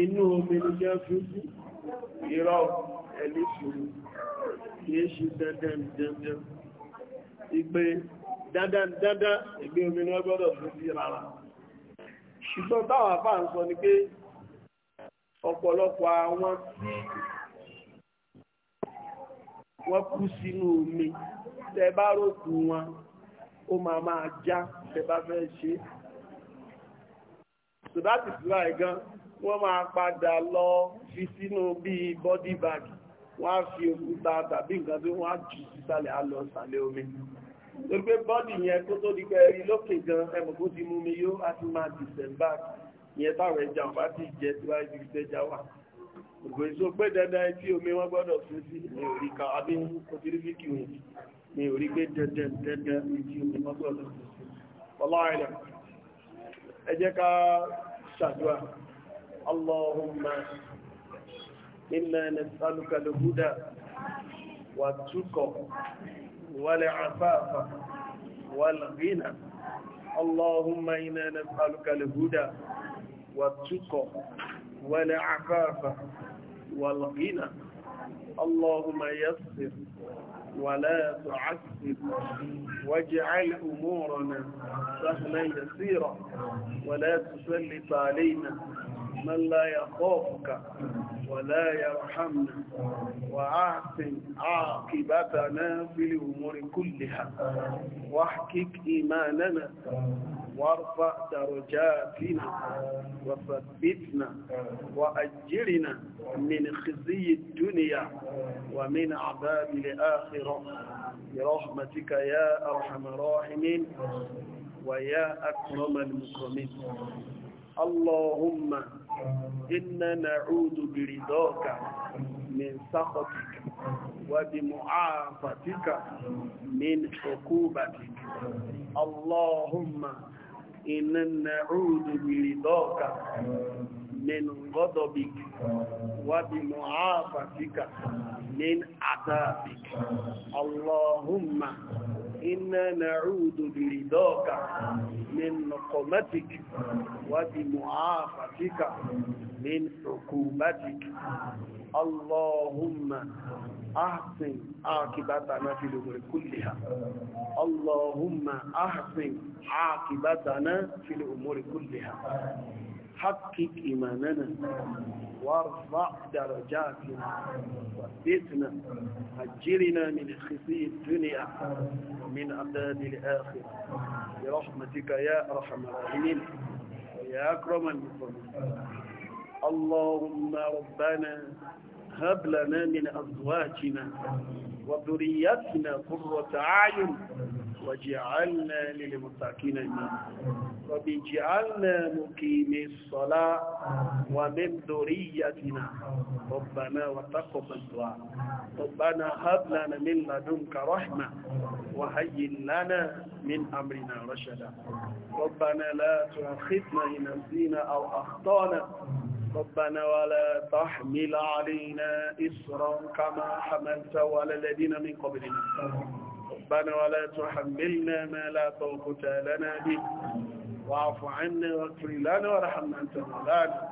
inú omi ní jẹ́ fífú ìrọ̀ ẹ̀lẹ́sùn kìí ṣe dandan dandan ìgbé dandan dandan ìgbé omi ní ọgbọ́dọ̀ fún sí rárá ṣùgbọ́n táwọn àbá ń sọ ni pé ọ̀pọ̀lọpọ̀ àwọn tí wọ́n kú sínú omi tẹ bá rókù wọn ó máa máa já tẹ bá fẹ́ ṣe é sọ̀dáàtì sílá ẹ̀gán wọ́n máa padà lọ fi sínú bí bọ́dí báàgì wọ́n á fi òkúta tàbí nǹkan tí wọ́n á jù sísàlẹ̀ alọ́ sàlẹ̀ omi torí pé bọ́dì yẹn kó tó di pé ẹ̀rí lókè gan ẹmọ̀ kó ti mú mi yó á ti máa dìsẹ̀mbà yẹn táwọn ẹja wọn bá ti jẹ síwájú ìtẹ́já wà ògbò èso pé dandan etí omi wọn gbọ́dọ̀ fún sí ní orí kan àbí kòtìrífìkì òun ní orí pé dandan dandan etí omi wọn gbọ́dọ̀ fún sí ọlọ́run أجكا شهدوا اللهم إنا نسألك الهدى والتكو والعفاف والغنى اللهم إنا نسألك الهدى والتكو والعفاف والغنى اللهم يصر ولا تعسر واجعل أمورنا سهلا يسيرا ولا تسلط علينا من لا يخافك ولا يرحمنا وأحسن عاقبتنا في الأمور كلها واحكك إيماننا وارفع درجاتنا وثبتنا وأجرنا من خزي الدنيا ومن عذاب الآخرة برحمتك يا أرحم الراحمين ويا أكرم المكرمين اللهم إنا نعوذ برضاك من سخطك وبمعافتك من عقوبتك اللهم إنا نعوذ برضاك من غضبك وبمعافتك من عذابك اللهم iná nàrúdò bìrì dọ́ọ̀kà min nukomatik wa bi mu'afatika min hukumatik allahumma ahsin akibatana fi lugri kulliha allahumma ahsin akibatana fi lugri kulliha حقق إيماننا وارفع درجاتنا وثبتنا أجرنا من خزي الدنيا ومن عذاب الآخرة برحمتك يا أرحم الراحمين ويا أكرم المكرمين اللهم ربنا هب لنا من أزواجنا وذريتنا قرة أعين وجعلنا للمتقين إماما وبجعلنا مقيم الصلاة ومن ذريتنا ربنا وتقبل الدعاء ربنا هب لنا من لدنك رحمة وهيئ لنا من أمرنا رشدا ربنا لا تؤاخذنا إن نسينا أو أخطأنا ربنا ولا تحمل علينا إصرا كما حملت على الذين من قبلنا ربنا ولا تحملنا ما لا طاقة لنا به واعف عنا واغفر لنا وارحمنا أنت مولانا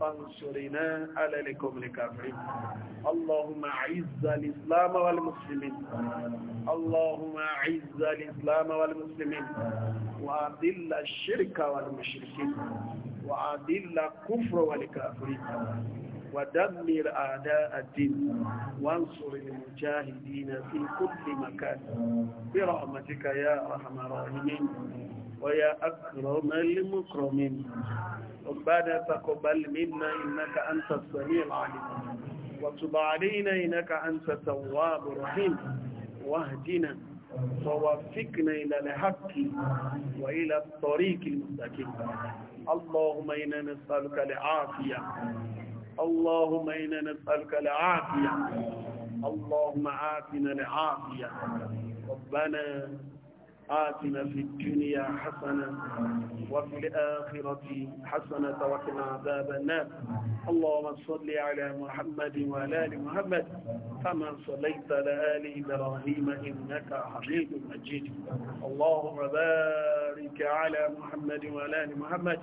فانصرنا على لكم الكافرين اللهم اعز الإسلام والمسلمين اللهم اعز الإسلام والمسلمين وأذل الشرك والمشركين وأذل الكفر والكافرين ودمر أعداء الدين وانصر المجاهدين في كل مكان برحمتك يا أرحم الراحمين ويا أكرم المكرمين ربنا تقبل منا إنك أنت السميع العليم وتب علينا إنك أنت التواب الرحيم واهدنا ووفقنا إلى الحق وإلى الطريق المستقيم اللهم إنا نسألك العافية اللهم إنا نسألك العافية اللهم آتنا العافية ربنا آتنا في الدنيا حسنة وفي الآخرة حسنة وقنا عذاب النار اللهم صل على محمد وعلى آل محمد كما صليت على آل إبراهيم إنك حميد مجيد اللهم بارك على محمد وعلى آل محمد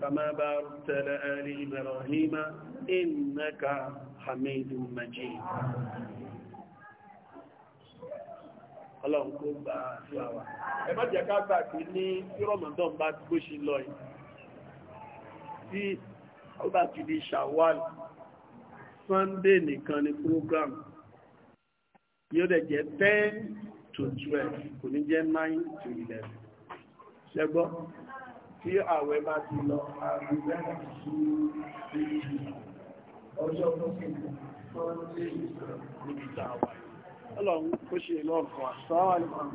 كما باركت على آل إبراهيم إنك حميد مجيد Ọlọ́run kó gba àdúrà Ẹ má jẹ́ ká gbàgbé ní Ramadan bá ti bó lọ yìí. Tí ó bá ti di Ṣàwálì, Sunday nìkan ni program. Yóò dẹ̀ jẹ́ 10 to 12, kò ní jẹ́ 9 to 11. Ṣẹ́gbọ́n? tí àwẹ̀ bá ti lọ àrùbẹ́rẹ̀ sí ọjọ́ tó kí tó ń lè ìgbà wà. Ọlọ́run kó ṣe lọ́ọ̀fọ́ àṣọ́ àìmọ̀.